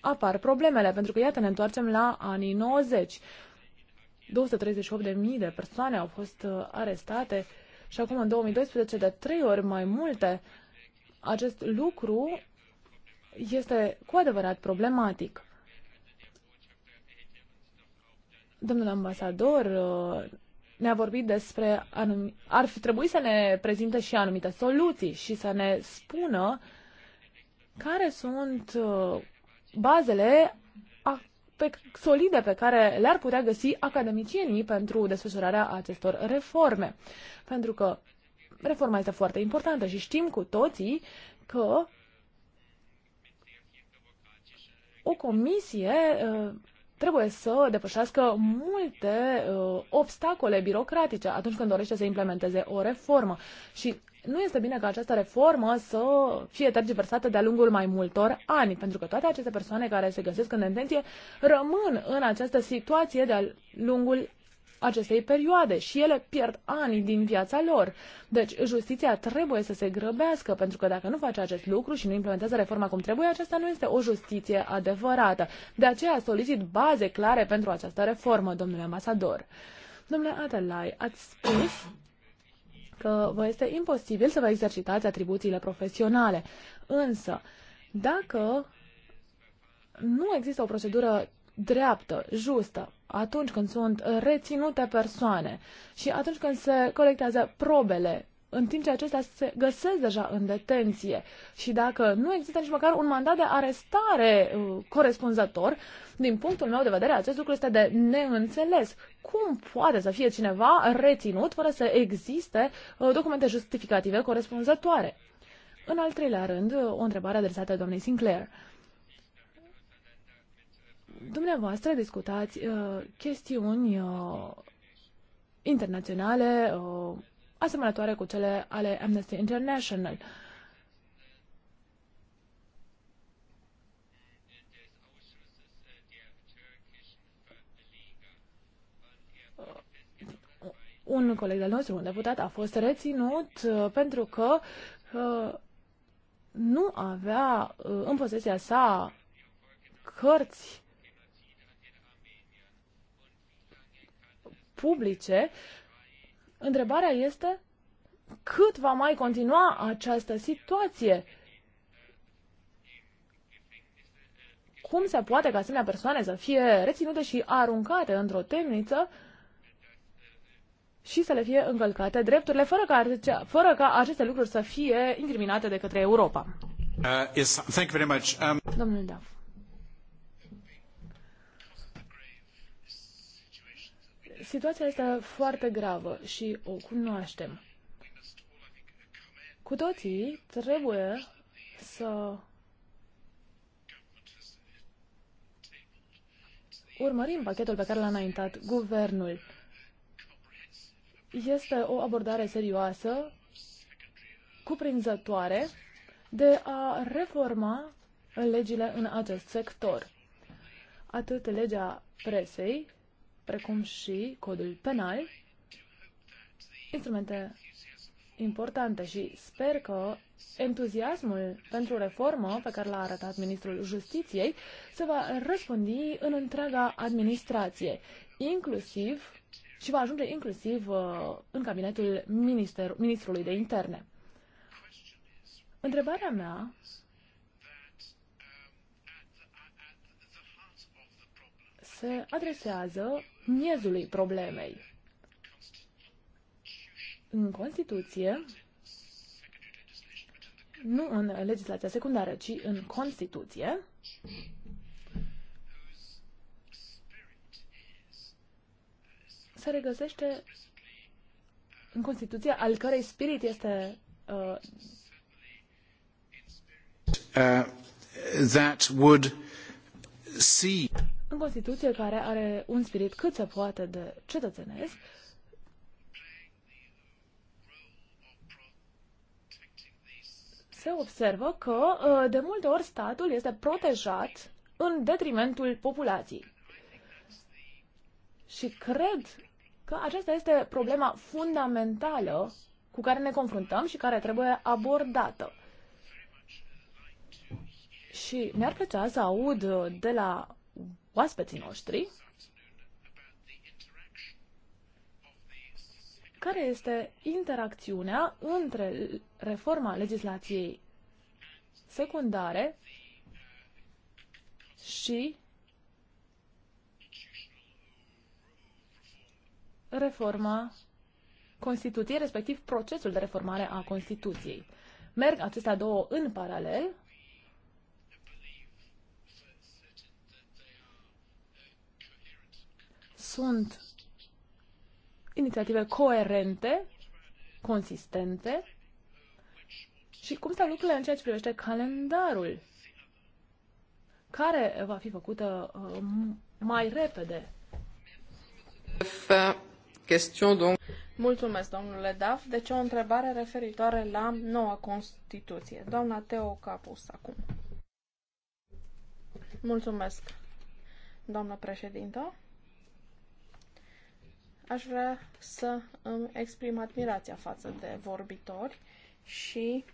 apar problemele, pentru că iată ne întoarcem la anii 90. 238.000 de persoane au fost uh, arestate și acum în 2012 de trei ori mai multe. Acest lucru este cu adevărat problematic. Domnul ambasador uh, ne-a vorbit despre anum- ar fi trebuit să ne prezinte și anumite soluții și să ne spună care sunt uh, bazele pe, solide pe care le-ar putea găsi academicienii pentru desfășurarea acestor reforme. Pentru că reforma este foarte importantă și știm cu toții că o comisie uh, trebuie să depășească multe uh, obstacole birocratice atunci când dorește să implementeze o reformă. Și nu este bine ca această reformă să fie tergiversată de-a lungul mai multor ani, pentru că toate aceste persoane care se găsesc în detenție rămân în această situație de-a lungul acestei perioade și ele pierd ani din viața lor. Deci justiția trebuie să se grăbească, pentru că dacă nu face acest lucru și nu implementează reforma cum trebuie, aceasta nu este o justiție adevărată. De aceea solicit baze clare pentru această reformă, domnule ambasador. Domnule Adelai, ați spus că vă este imposibil să vă exercitați atribuțiile profesionale. Însă, dacă nu există o procedură dreaptă, justă, atunci când sunt reținute persoane și atunci când se colectează probele în timp ce acestea se găsesc deja în detenție. Și dacă nu există nici măcar un mandat de arestare uh, corespunzător, din punctul meu de vedere, acest lucru este de neînțeles. Cum poate să fie cineva reținut fără să existe uh, documente justificative corespunzătoare? În al treilea rând, uh, o întrebare adresată doamnei Sinclair. Dumneavoastră discutați uh, chestiuni uh, internaționale, uh, asemănătoare cu cele ale Amnesty International. Un coleg al nostru, un deputat, a fost reținut uh, pentru că uh, nu avea uh, în posesia sa cărți publice Întrebarea este cât va mai continua această situație? Cum se poate ca asemenea persoane să fie reținute și aruncate într-o temniță și să le fie încălcate drepturile fără ca, fără ca aceste lucruri să fie incriminate de către Europa? Uh, yes, thank you very much. Um... Domnul Daf. situația este foarte gravă și o cunoaștem. Cu toții trebuie să urmărim pachetul pe care l-a înaintat guvernul. Este o abordare serioasă, cuprinzătoare, de a reforma legile în acest sector. Atât legea presei, precum și codul penal, instrumente importante și sper că entuziasmul pentru reformă pe care l-a arătat Ministrul Justiției se va răspândi în întreaga administrație, inclusiv și va ajunge inclusiv uh, în cabinetul minister, ministrului de interne. Întrebarea mea se adresează miezului problemei. În Constituție, nu în legislația secundară, ci în Constituție, se regăsește în Constituție, al cărei spirit este uh, uh, that would see în Constituție care are un spirit cât se poate de cetățenesc, se observă că ă, de multe ori statul este protejat în detrimentul populației. Și cred că aceasta este problema fundamentală cu care ne confruntăm și care trebuie abordată. Și mi-ar plăcea să aud de la oaspeții noștri care este interacțiunea între reforma legislației secundare și reforma Constituției, respectiv procesul de reformare a Constituției. Merg acestea două în paralel sunt inițiative coerente, consistente și cum stau lucrurile în ceea ce privește calendarul, care va fi făcută uh, mai repede. Mulțumesc, domnule Daf. Deci o întrebare referitoare la noua Constituție. Doamna Teo Capus, acum. Mulțumesc, doamnă președintă. Aș vrea să îmi exprim admirația față de vorbitori și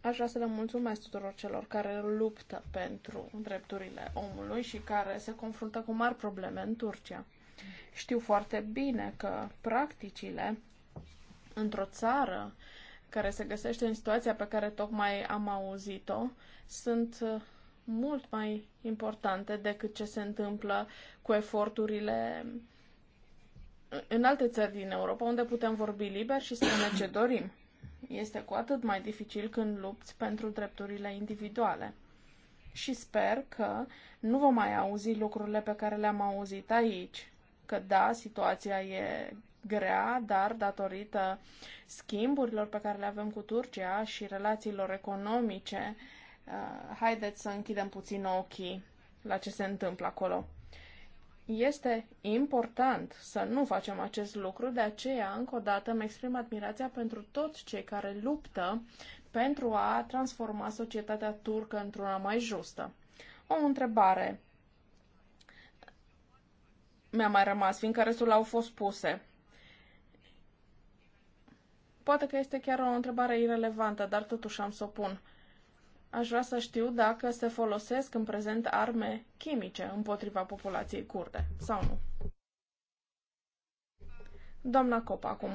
aș vrea să le mulțumesc tuturor celor care luptă pentru drepturile omului și care se confruntă cu mari probleme în Turcia. Știu foarte bine că practicile într-o țară care se găsește în situația pe care tocmai am auzit-o sunt mult mai importante decât ce se întâmplă cu eforturile în alte țări din Europa unde putem vorbi liber și spune ce dorim. Este cu atât mai dificil când lupți pentru drepturile individuale. Și sper că nu vom mai auzi lucrurile pe care le-am auzit aici. Că da, situația e grea, dar datorită schimburilor pe care le avem cu Turcia și relațiilor economice, uh, haideți să închidem puțin ochii la ce se întâmplă acolo. Este important să nu facem acest lucru, de aceea, încă o dată, îmi exprim admirația pentru toți cei care luptă pentru a transforma societatea turcă într-una mai justă. O întrebare mi-a mai rămas, fiindcă restul au fost puse. Poate că este chiar o întrebare irelevantă, dar totuși am să o pun. Aș vrea să știu dacă se folosesc în prezent arme chimice împotriva populației curde sau nu. Doamna Copa, acum.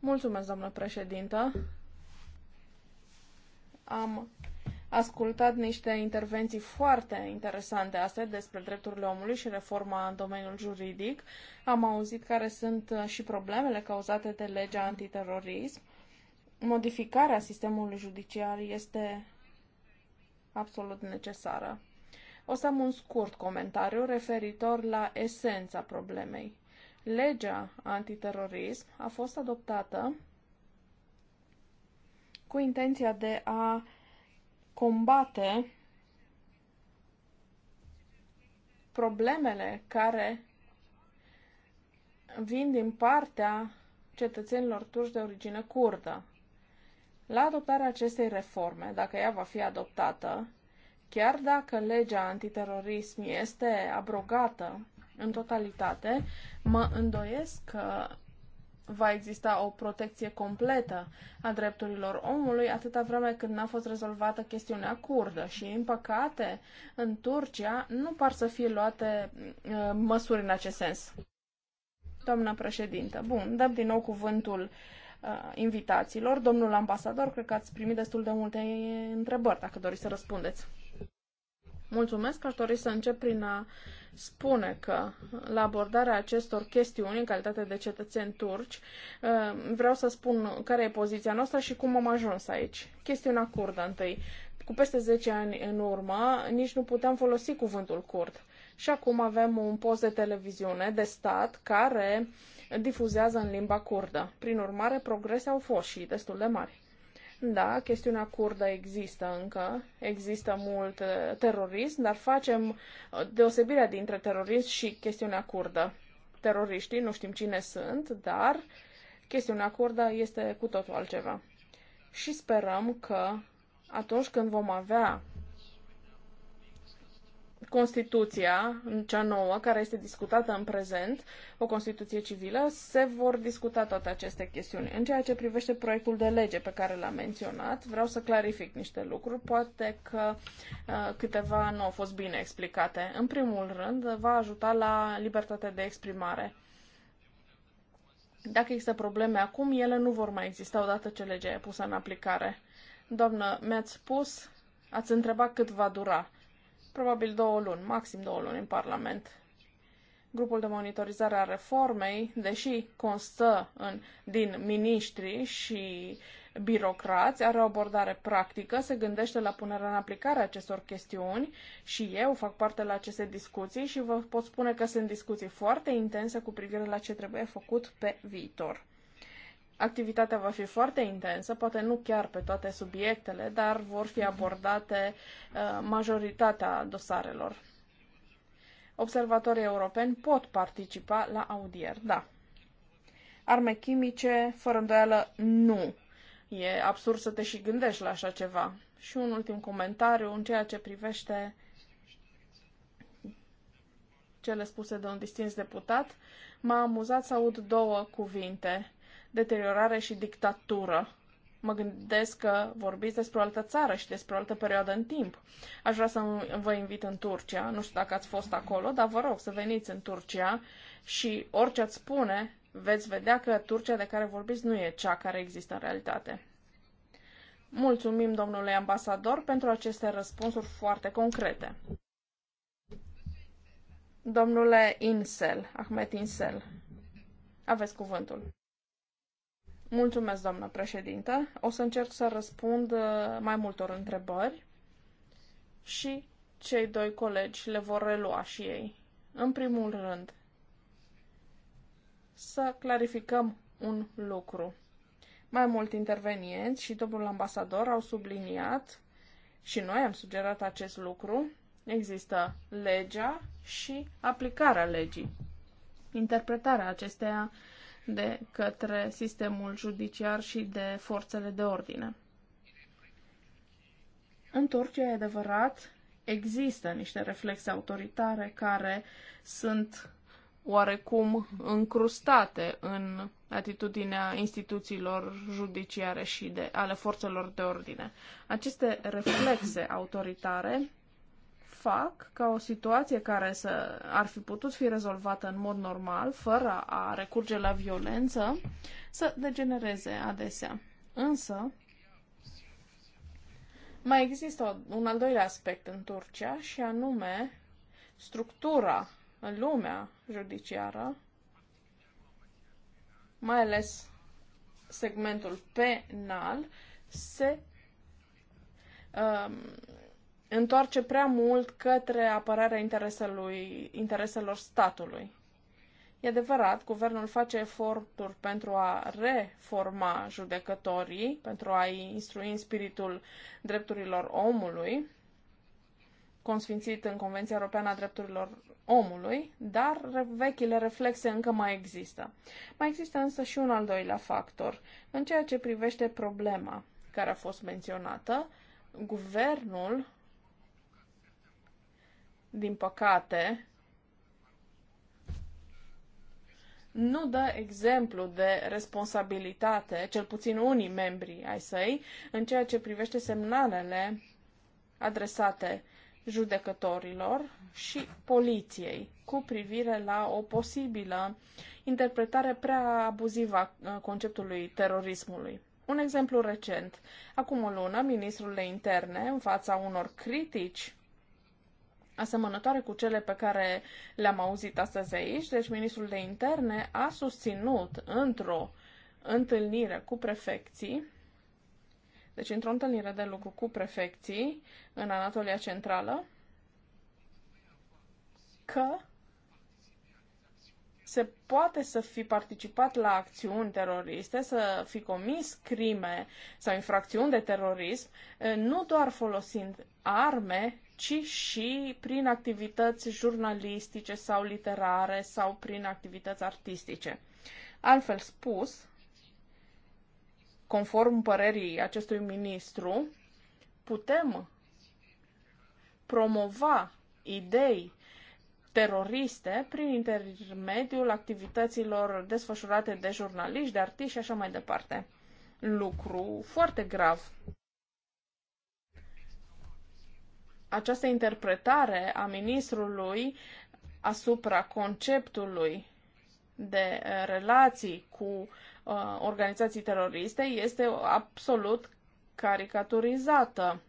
Mulțumesc, doamnă președintă. Am ascultat niște intervenții foarte interesante astea despre drepturile omului și reforma în domeniul juridic. Am auzit care sunt și problemele cauzate de legea antiterorism modificarea sistemului judiciar este absolut necesară. O să am un scurt comentariu referitor la esența problemei. Legea antiterorism a fost adoptată cu intenția de a combate problemele care vin din partea cetățenilor turci de origine curdă. La adoptarea acestei reforme, dacă ea va fi adoptată, chiar dacă legea antiterorism este abrogată în totalitate, mă îndoiesc că va exista o protecție completă a drepturilor omului atâta vreme cât n-a fost rezolvată chestiunea curdă și, în păcate, în Turcia nu par să fie luate uh, măsuri în acest sens. Doamna președintă, bun, dăm din nou cuvântul uh, invitațiilor. Domnul ambasador, cred că ați primit destul de multe întrebări, dacă doriți să răspundeți. Mulțumesc, aș dori să încep prin a spune că la abordarea acestor chestiuni în calitate de cetățeni turci, uh, vreau să spun care e poziția noastră și cum am ajuns aici. Chestiunea curdă întâi. Cu peste 10 ani în urmă, nici nu puteam folosi cuvântul curd și acum avem un post de televiziune de stat care difuzează în limba curdă. Prin urmare, progrese au fost și destul de mari. Da, chestiunea curdă există încă, există mult uh, terorism, dar facem uh, deosebirea dintre terorism și chestiunea curdă. Teroriștii nu știm cine sunt, dar chestiunea curdă este cu totul altceva. Și sperăm că atunci când vom avea Constituția, cea nouă, care este discutată în prezent, o Constituție civilă, se vor discuta toate aceste chestiuni. În ceea ce privește proiectul de lege pe care l-am menționat, vreau să clarific niște lucruri, poate că uh, câteva nu au fost bine explicate. În primul rând, va ajuta la libertatea de exprimare. Dacă există probleme acum, ele nu vor mai exista odată ce legea e pusă în aplicare. Doamnă, mi-ați spus, ați întrebat cât va dura probabil două luni, maxim două luni în Parlament. Grupul de monitorizare a reformei, deși constă în, din miniștri și birocrați, are o abordare practică, se gândește la punerea în aplicare a acestor chestiuni și eu fac parte la aceste discuții și vă pot spune că sunt discuții foarte intense cu privire la ce trebuie făcut pe viitor. Activitatea va fi foarte intensă, poate nu chiar pe toate subiectele, dar vor fi abordate uh, majoritatea dosarelor. Observatorii europeni pot participa la audier, da. Arme chimice, fără îndoială, nu. E absurd să te și gândești la așa ceva. Și un ultim comentariu în ceea ce privește cele spuse de un distins deputat, m-a amuzat să aud două cuvinte deteriorare și dictatură. Mă gândesc că vorbiți despre o altă țară și despre o altă perioadă în timp. Aș vrea să vă invit în Turcia. Nu știu dacă ați fost acolo, dar vă rog să veniți în Turcia și orice ați spune, veți vedea că Turcia de care vorbiți nu e cea care există în realitate. Mulțumim, domnule ambasador, pentru aceste răspunsuri foarte concrete. Domnule Insel, Ahmet Insel, aveți cuvântul. Mulțumesc, doamnă președinte. O să încerc să răspund uh, mai multor întrebări și cei doi colegi le vor relua și ei. În primul rând, să clarificăm un lucru. Mai mult intervenienți și domnul ambasador au subliniat și noi am sugerat acest lucru. Există legea și aplicarea legii. Interpretarea acesteia de către sistemul judiciar și de forțele de ordine. În Turcia, e adevărat, există niște reflexe autoritare care sunt oarecum încrustate în atitudinea instituțiilor judiciare și de, ale forțelor de ordine. Aceste reflexe autoritare fac ca o situație care să ar fi putut fi rezolvată în mod normal, fără a recurge la violență, să degenereze adesea. Însă, mai există un al doilea aspect în Turcia și anume structura, lumea judiciară, mai ales segmentul penal, se um, întoarce prea mult către apărarea intereselor statului. E adevărat, guvernul face eforturi pentru a reforma judecătorii, pentru a-i instrui în spiritul drepturilor omului, consfințit în Convenția Europeană a Drepturilor Omului, dar vechile reflexe încă mai există. Mai există însă și un al doilea factor. În ceea ce privește problema care a fost menționată, guvernul din păcate, nu dă exemplu de responsabilitate, cel puțin unii membri ai săi, în ceea ce privește semnalele adresate judecătorilor și poliției cu privire la o posibilă interpretare prea abuzivă a conceptului terorismului. Un exemplu recent. Acum o lună, ministrul de interne, în fața unor critici asemănătoare cu cele pe care le-am auzit astăzi aici. Deci, ministrul de interne a susținut într-o întâlnire cu prefecții, deci într-o întâlnire de lucru cu prefecții în Anatolia Centrală, că se poate să fi participat la acțiuni teroriste, să fi comis crime sau infracțiuni de terorism, nu doar folosind arme, ci și prin activități jurnalistice sau literare sau prin activități artistice. Altfel spus, conform părerii acestui ministru, putem promova idei teroriste prin intermediul activităților desfășurate de jurnaliști, de artiști și așa mai departe. Lucru foarte grav. această interpretare a ministrului asupra conceptului de uh, relații cu uh, organizații teroriste este absolut caricaturizată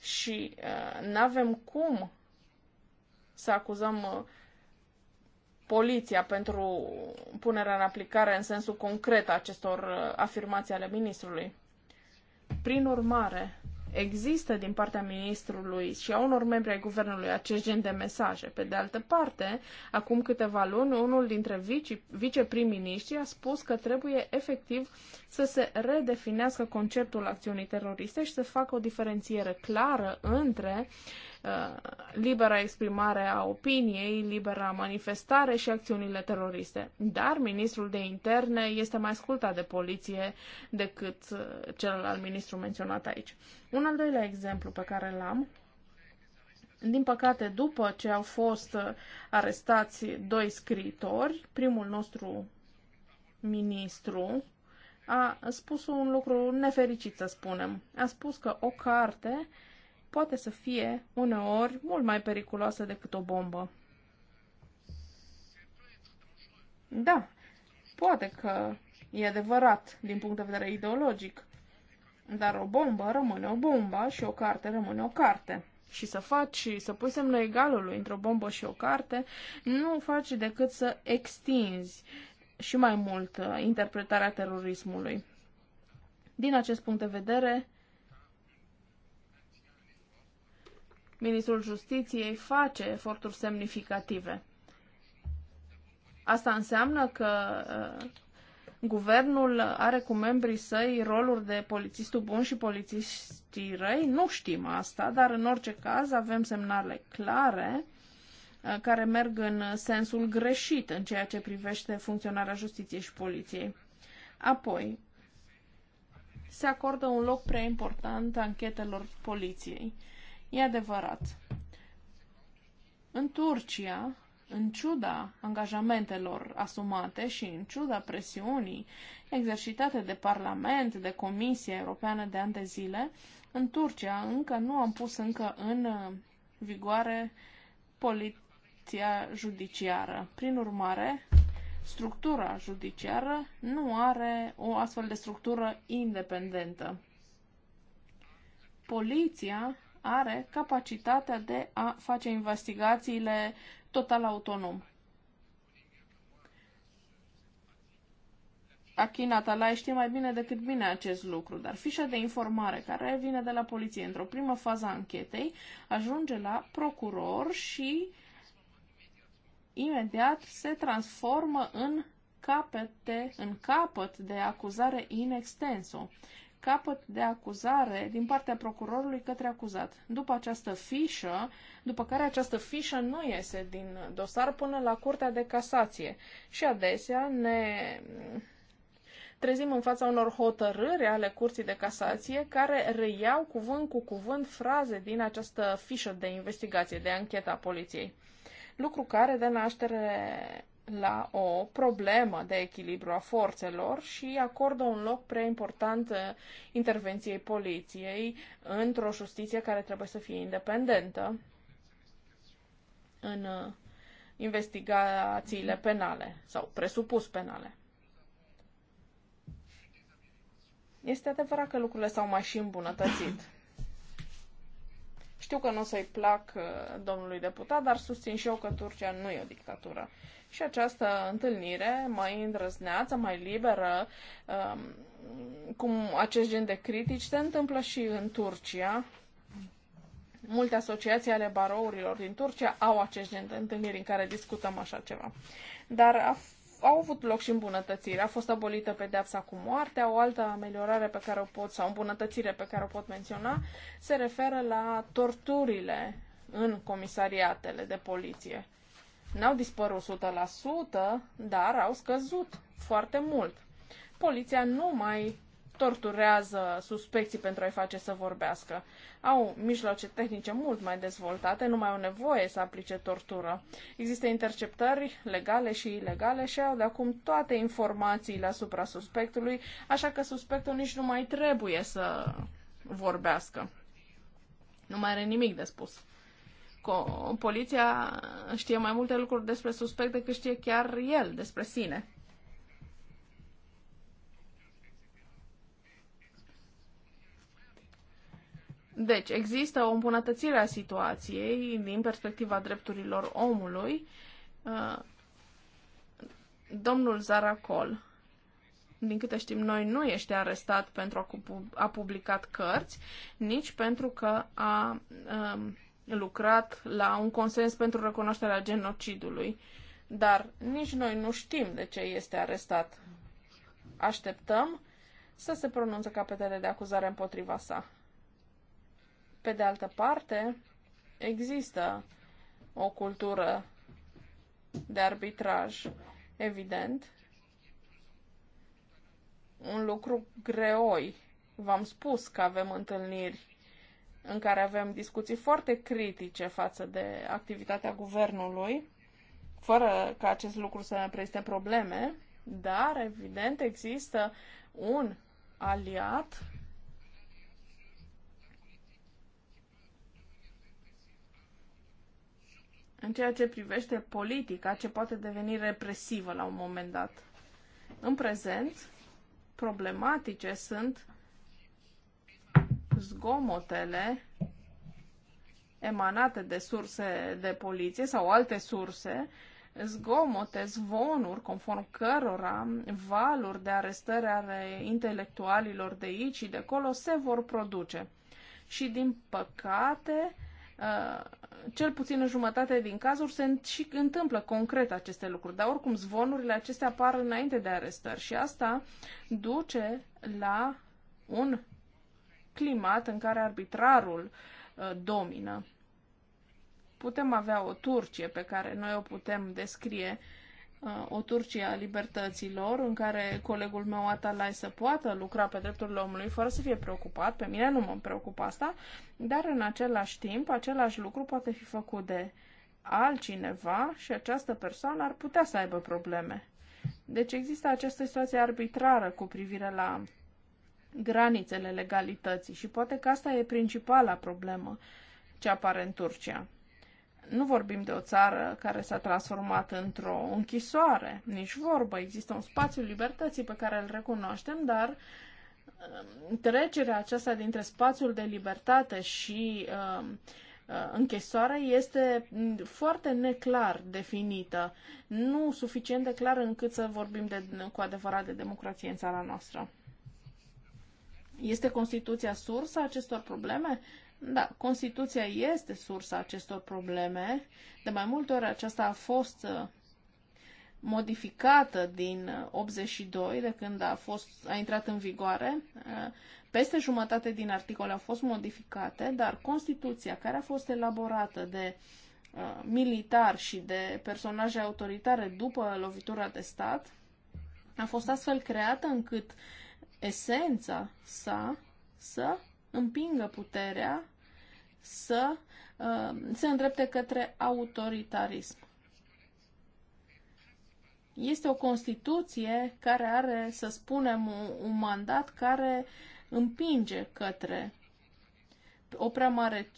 și uh, nu avem cum să acuzăm uh, poliția pentru punerea în aplicare în sensul concret a acestor uh, afirmații ale ministrului. Prin urmare, Există din partea ministrului și a unor membri ai guvernului acest gen de mesaje. Pe de altă parte, acum câteva luni, unul dintre viceprim-ministri a spus că trebuie efectiv să se redefinească conceptul acțiunii teroriste și să facă o diferențiere clară între uh, Uh, libera exprimare a opiniei, libera manifestare și acțiunile teroriste. Dar ministrul de interne este mai ascultat de poliție decât uh, celălalt ministru menționat aici. Un al doilea exemplu pe care l-am din păcate, după ce au fost uh, arestați doi scriitori, primul nostru ministru a spus un lucru nefericit, să spunem. A spus că o carte poate să fie uneori mult mai periculoasă decât o bombă. Da, poate că e adevărat din punct de vedere ideologic, dar o bombă rămâne o bombă și o carte rămâne o carte. Și să faci să pui semnul egalului între o bombă și o carte, nu faci decât să extinzi și mai mult uh, interpretarea terorismului. Din acest punct de vedere, Ministrul Justiției face eforturi semnificative. Asta înseamnă că uh, guvernul are cu membrii săi roluri de polițistul bun și polițiștii răi? Nu știm asta, dar în orice caz avem semnale clare uh, care merg în sensul greșit în ceea ce privește funcționarea justiției și poliției. Apoi, se acordă un loc prea important anchetelor poliției. E adevărat. În Turcia, în ciuda angajamentelor asumate și în ciuda presiunii exercitate de Parlament, de Comisia Europeană de ani de zile, în Turcia încă nu am pus încă în uh, vigoare poliția judiciară. Prin urmare, structura judiciară nu are o astfel de structură independentă. Poliția are capacitatea de a face investigațiile total autonom. Achina Talai știe mai bine decât bine acest lucru, dar fișa de informare care vine de la poliție într-o primă fază a anchetei ajunge la procuror și imediat se transformă în capete, în capăt de acuzare in extenso capăt de acuzare din partea procurorului către acuzat. După această fișă, după care această fișă nu iese din dosar până la Curtea de Casație. Și adesea ne trezim în fața unor hotărâri ale Curții de Casație care reiau cuvânt cu cuvânt fraze din această fișă de investigație, de ancheta poliției. Lucru care dă naștere la o problemă de echilibru a forțelor și acordă un loc prea important uh, intervenției poliției într-o justiție care trebuie să fie independentă în uh, investigațiile penale sau presupus penale. Este adevărat că lucrurile s-au mai și îmbunătățit. Știu că nu o să-i plac uh, domnului deputat, dar susțin și eu că Turcia nu e o dictatură. Și această întâlnire mai îndrăzneață, mai liberă, um, cum acest gen de critici se întâmplă și în Turcia. Multe asociații ale barourilor din Turcia au acest gen de întâlniri în care discutăm așa ceva. Dar a au avut loc și îmbunătățiri. A fost abolită pedeapsa cu moartea, o altă ameliorare pe care o pot, sau îmbunătățire pe care o pot menționa, se referă la torturile în comisariatele de poliție. N-au dispărut 100%, dar au scăzut foarte mult. Poliția nu mai torturează suspecții pentru a-i face să vorbească. Au mijloace tehnice mult mai dezvoltate, nu mai au nevoie să aplice tortură. Există interceptări legale și ilegale și au de acum toate informațiile asupra suspectului, așa că suspectul nici nu mai trebuie să vorbească. Nu mai are nimic de spus poliția știe mai multe lucruri despre suspect decât știe chiar el despre sine. Deci, există o îmbunătățire a situației din perspectiva drepturilor omului. Uh, domnul Zaracol, din câte știm noi, nu este arestat pentru a, publicat cărți, nici pentru că a, a um, lucrat la un consens pentru recunoașterea genocidului, dar nici noi nu știm de ce este arestat. Așteptăm să se pronunțe capetele de acuzare împotriva sa. Pe de altă parte, există o cultură de arbitraj, evident, un lucru greoi. V-am spus că avem întâlniri în care avem discuții foarte critice față de activitatea guvernului, fără ca acest lucru să ne prezinte probleme, dar, evident, există un aliat în ceea ce privește politica, ce poate deveni represivă la un moment dat. În prezent, problematice sunt zgomotele emanate de surse de poliție sau alte surse, zgomote, zvonuri, conform cărora valuri de arestări ale intelectualilor de aici și de acolo se vor produce. Și, din păcate, ă, cel puțin în jumătate din cazuri se și întâmplă concret aceste lucruri, dar oricum zvonurile acestea apar înainte de arestări și asta duce la un climat în care arbitrarul uh, domină. Putem avea o Turcie pe care noi o putem descrie uh, o Turcie a libertăților, în care colegul meu Atalai să poată lucra pe drepturile omului fără să fie preocupat, pe mine nu mă preocupă asta, dar în același timp, același lucru poate fi făcut de altcineva și această persoană ar putea să aibă probleme. Deci există această situație arbitrară cu privire la granițele legalității și poate că asta e principala problemă ce apare în Turcia. Nu vorbim de o țară care s-a transformat într-o închisoare, nici vorbă. Există un spațiu libertății pe care îl recunoaștem, dar um, trecerea aceasta dintre spațiul de libertate și um, uh, închisoare este mm, foarte neclar definită, nu suficient de clar încât să vorbim de, cu adevărat de democrație în țara noastră. Este Constituția sursa acestor probleme? Da, Constituția este sursa acestor probleme. De mai multe ori aceasta a fost uh, modificată din 82, uh, de când a, fost, a intrat în vigoare. Uh, peste jumătate din articole au fost modificate, dar Constituția, care a fost elaborată de militar și de personaje autoritare după lovitura de stat, a fost astfel creată încât uh, esența sa să împingă puterea să uh, se îndrepte către autoritarism. Este o Constituție care are, să spunem, un, un mandat care împinge către o prea mare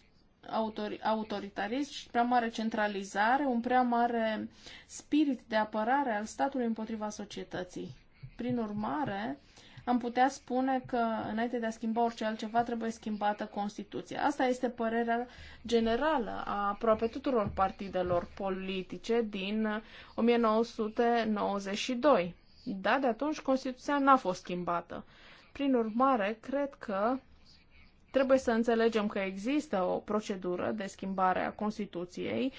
autori, autoritarism și prea mare centralizare, un prea mare spirit de apărare al statului împotriva societății. Prin urmare, am putea spune că înainte de a schimba orice altceva trebuie schimbată Constituția. Asta este părerea generală a aproape tuturor partidelor politice din 1992. Da, de atunci Constituția n-a fost schimbată. Prin urmare, cred că trebuie să înțelegem că există o procedură de schimbare a Constituției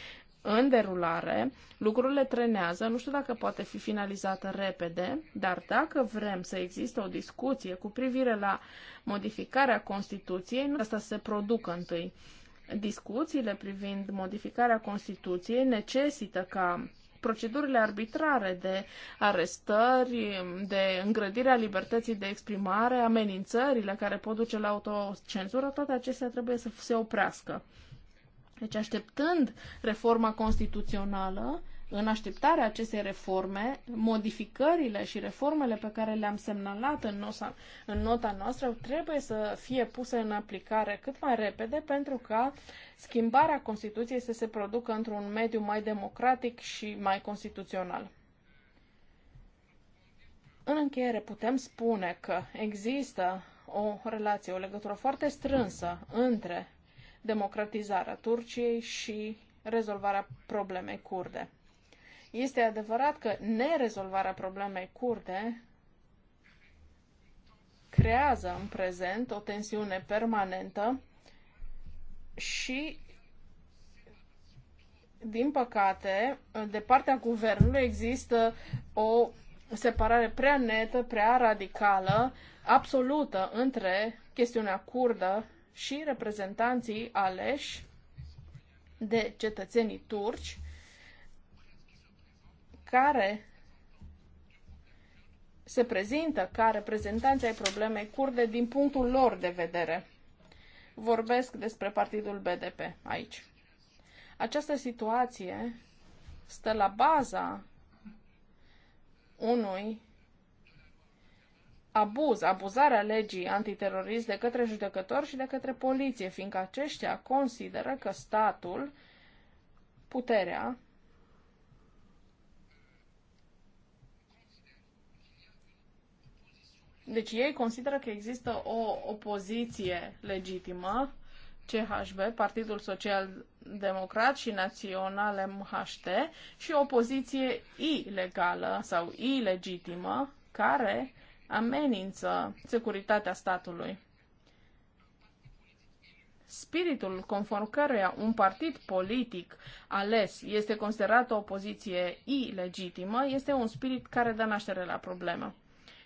în derulare, lucrurile trenează, nu știu dacă poate fi finalizată repede, dar dacă vrem să existe o discuție cu privire la modificarea Constituției, nu asta se producă întâi. Discuțiile privind modificarea Constituției necesită ca procedurile arbitrare de arestări, de îngrădirea libertății de exprimare, amenințările care pot duce la autocenzură, toate acestea trebuie să se oprească. Deci așteptând reforma constituțională, în așteptarea acestei reforme, modificările și reformele pe care le-am semnalat în, nosa, în nota noastră trebuie să fie puse în aplicare cât mai repede pentru ca schimbarea Constituției să se producă într-un mediu mai democratic și mai constituțional. În încheiere putem spune că există o relație, o legătură foarte strânsă între democratizarea Turciei și rezolvarea problemei curde. Este adevărat că nerezolvarea problemei curde creează în prezent o tensiune permanentă și, din păcate, de partea guvernului există o separare prea netă, prea radicală, absolută între chestiunea curdă și reprezentanții aleși de cetățenii turci care se prezintă ca reprezentanți ai problemei curde din punctul lor de vedere. Vorbesc despre partidul BDP aici. Această situație stă la baza unui abuz, abuzarea legii antiterorist de către judecători și de către poliție, fiindcă aceștia consideră că statul, puterea, Deci ei consideră că există o opoziție legitimă, CHB, Partidul Social Democrat și Național MHT, și o opoziție ilegală sau ilegitimă, care amenință securitatea statului. Spiritul conform căruia un partid politic ales este considerat o opoziție ilegitimă este un spirit care dă naștere la problemă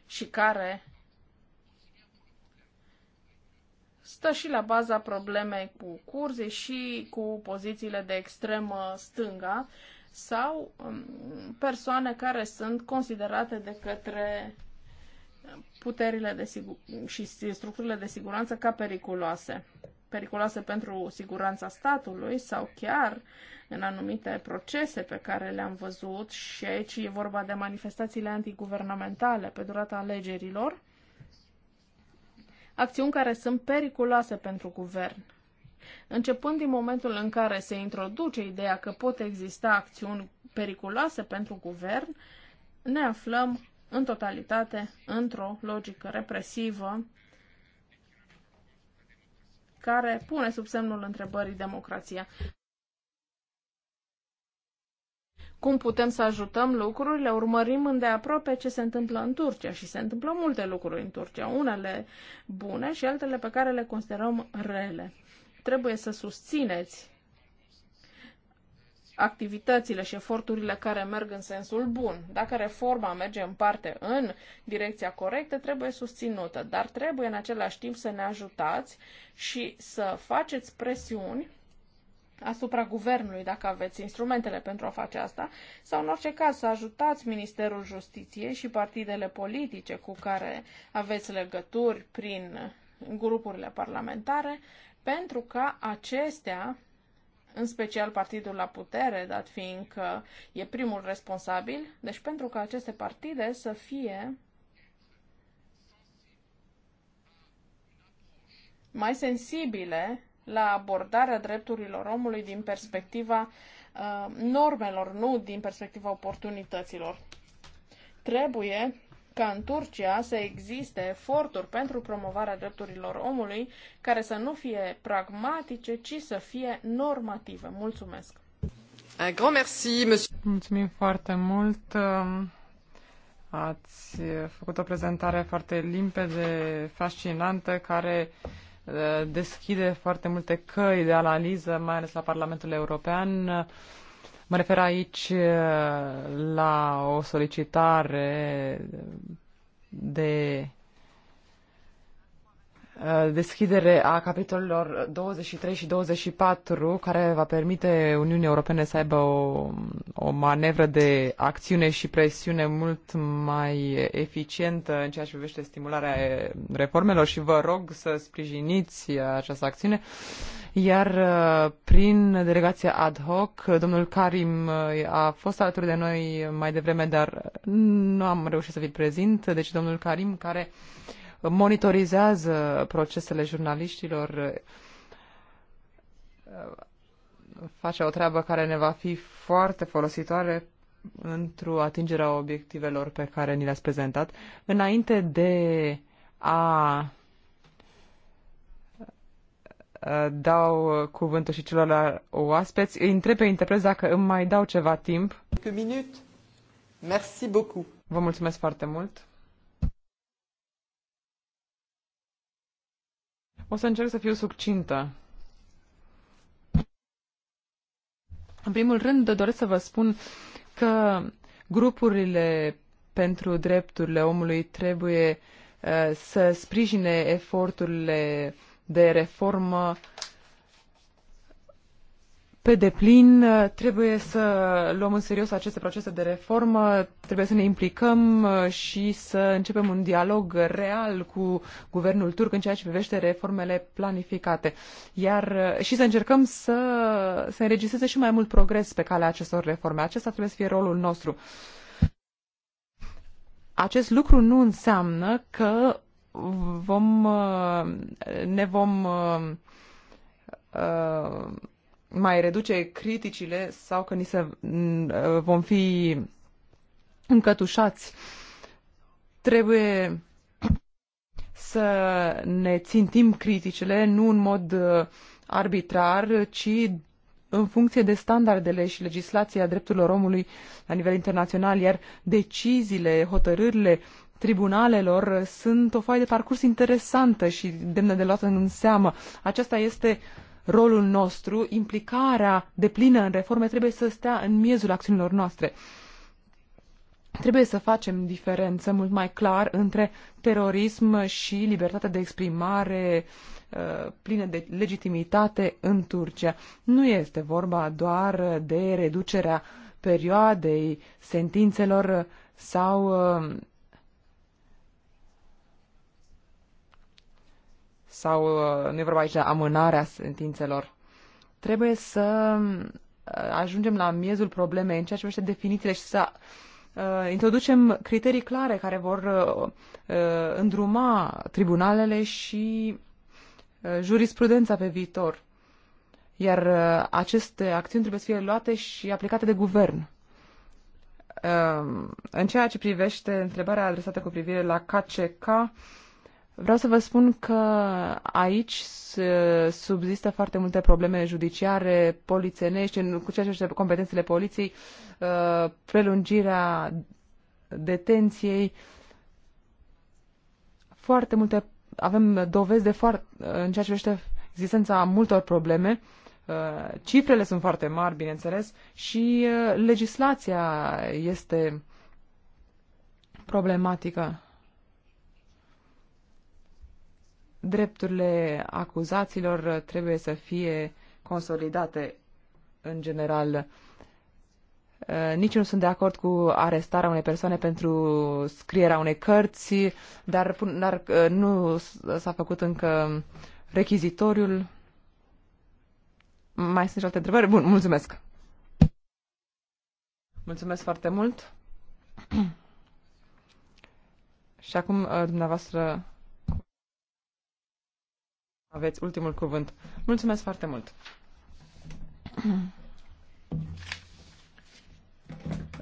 și care stă și la baza problemei cu curze și cu pozițiile de extremă stânga sau um, persoane care sunt considerate de către puterile de sigur- și structurile de siguranță ca periculoase. Periculoase pentru siguranța statului sau chiar în anumite procese pe care le-am văzut și aici e vorba de manifestațiile antiguvernamentale pe durata alegerilor, acțiuni care sunt periculoase pentru guvern. Începând din momentul în care se introduce ideea că pot exista acțiuni periculoase pentru guvern, ne aflăm în totalitate într-o logică represivă care pune sub semnul întrebării democrația. Cum putem să ajutăm lucrurile? Urmărim îndeaproape ce se întâmplă în Turcia și se întâmplă multe lucruri în Turcia, unele bune și altele pe care le considerăm rele. Trebuie să susțineți activitățile și eforturile care merg în sensul bun. Dacă reforma merge în parte în direcția corectă, trebuie susținută, dar trebuie în același timp să ne ajutați și să faceți presiuni asupra guvernului, dacă aveți instrumentele pentru a face asta, sau în orice caz să ajutați Ministerul Justiției și partidele politice cu care aveți legături prin grupurile parlamentare, pentru ca acestea în special partidul la putere, dat fiind că e primul responsabil. Deci pentru ca aceste partide să fie mai sensibile la abordarea drepturilor omului din perspectiva uh, normelor, nu din perspectiva oportunităților. Trebuie ca în Turcia să existe eforturi pentru promovarea drepturilor omului care să nu fie pragmatice, ci să fie normative. Mulțumesc! Un grand merci, monsieur. Mulțumim foarte mult! Um, ați făcut o prezentare foarte limpede, fascinantă, care uh, deschide foarte multe căi de analiză, mai ales la Parlamentul European. Mă refer aici uh, la o solicitare de Uh, deschidere a capitolelor 23 și 24, care va permite Uniunii Europene să aibă o, o manevră de acțiune și presiune mult mai eficientă în ceea ce privește stimularea reformelor și vă rog să sprijiniți această acțiune. Iar uh, prin delegația ad hoc, domnul Karim uh, a fost alături de noi mai devreme, dar nu am reușit să vi prezint, deci domnul Karim care uh, monitorizează procesele jurnaliștilor, face o treabă care ne va fi foarte folositoare într-o atingerea obiectivelor pe care ni le-ați prezentat. Înainte de a dau cuvântul și celorlalți oaspeți, îi întreb pe interpret dacă îmi mai dau ceva timp. Merci beaucoup. Vă mulțumesc foarte mult. O să încerc să fiu succintă. În primul rând, doresc să vă spun că grupurile pentru drepturile omului trebuie uh, să sprijine eforturile de reformă pe deplin. Trebuie să luăm în serios aceste procese de reformă, trebuie să ne implicăm uh, și să începem un dialog real cu guvernul turc în ceea ce privește reformele planificate. Iar uh, și să încercăm să se înregistreze și mai mult progres pe calea acestor reforme. Acesta trebuie să fie rolul nostru. Acest lucru nu înseamnă că vom, uh, ne vom mai reduce criticile sau că ni se mm, vom fi încătușați. Trebuie să ne țintim criticile nu în mod uh, arbitrar, ci în funcție de standardele și legislația drepturilor omului la nivel internațional, iar deciziile, hotărârile tribunalelor sunt o foaie de parcurs interesantă și demnă de luat în seamă. Aceasta este uh, rolul nostru, implicarea deplină în reforme trebuie să stea în miezul acțiunilor noastre. Trebuie să facem diferență mult mai clar între terorism și libertatea de exprimare uh, plină de legitimitate în Turcia. Nu este vorba doar de reducerea perioadei sentințelor sau uh, sau uh, nu e vorba aici de amânarea sentințelor. Trebuie să uh, ajungem la miezul problemei în ceea ce privește definițiile și să uh, introducem criterii clare care vor uh, uh, îndruma tribunalele și uh, jurisprudența pe viitor. Iar uh, aceste acțiuni trebuie să fie luate și aplicate de guvern. în ceea ce privește întrebarea adresată cu privire la KCK, Vreau să vă spun că aici subzistă foarte multe probleme judiciare, polițenești, cu ceea ce este competențele poliției, uh, prelungirea detenției, foarte multe, avem dovezi de foarte, în ceea ce privește existența multor probleme, uh, cifrele sunt foarte mari, bineînțeles, și uh, legislația este problematică. drepturile acuzaților trebuie să fie consolidate în general. Uh, nici nu sunt de acord cu arestarea unei persoane pentru scrierea unei cărți, dar, dar uh, nu s-a făcut încă rechizitoriul. Mai sunt și alte întrebări? Bun, mulțumesc! Mulțumesc foarte mult! și acum, uh, dumneavoastră, aveți ultimul cuvânt. Mulțumesc foarte mult.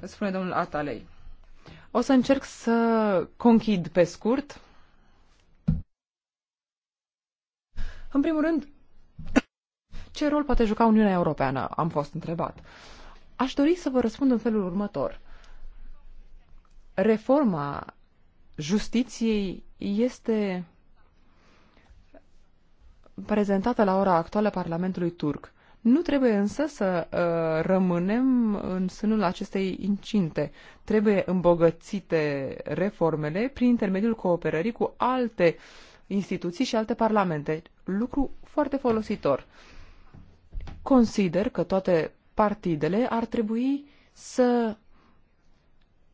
Spune domnul Atalei. O să încerc să conchid pe scurt. În primul rând, ce rol poate juca Uniunea Europeană? Am fost întrebat. Aș dori să vă răspund în felul următor. Reforma justiției este prezentată la ora actuală Parlamentului turc. Nu trebuie însă să uh, rămânem în sânul acestei incinte. Trebuie îmbogățite reformele prin intermediul cooperării cu alte instituții și alte parlamente. Lucru foarte folositor. Consider că toate partidele ar trebui să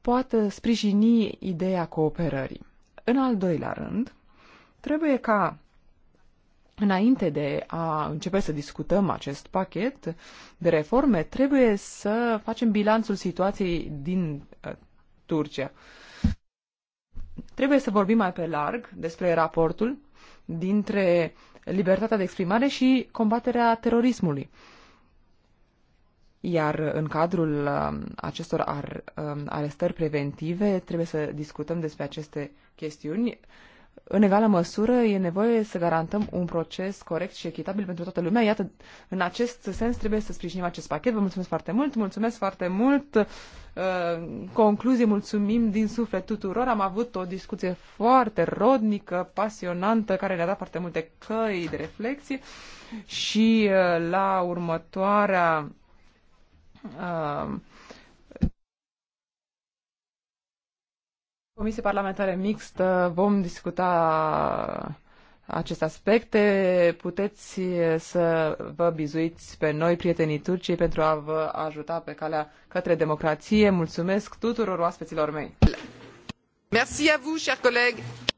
poată sprijini ideea cooperării. În al doilea rând, trebuie ca Înainte de a începe să discutăm acest pachet de reforme, trebuie să facem bilanțul situației din uh, Turcia. Trebuie să vorbim mai pe larg despre raportul dintre libertatea de exprimare și combaterea terorismului. Iar în cadrul um, acestor um, arestări preventive trebuie să discutăm despre aceste chestiuni în egală măsură e nevoie să garantăm un proces corect și echitabil pentru toată lumea. Iată, în acest sens trebuie să sprijinim acest pachet. Vă mulțumesc foarte mult, mulțumesc foarte mult. Uh, Concluzie, mulțumim din suflet tuturor. Am avut o discuție foarte rodnică, pasionantă, care ne-a dat foarte multe căi de reflexie și uh, la următoarea uh, Comisie parlamentare mixtă vom discuta aceste aspecte. Puteți eh, să vă bizuiți pe noi, prietenii Turciei, pentru a vă ajuta pe calea către democrație. Mulțumesc tuturor oaspeților mei. Merci à vous, chers collègues.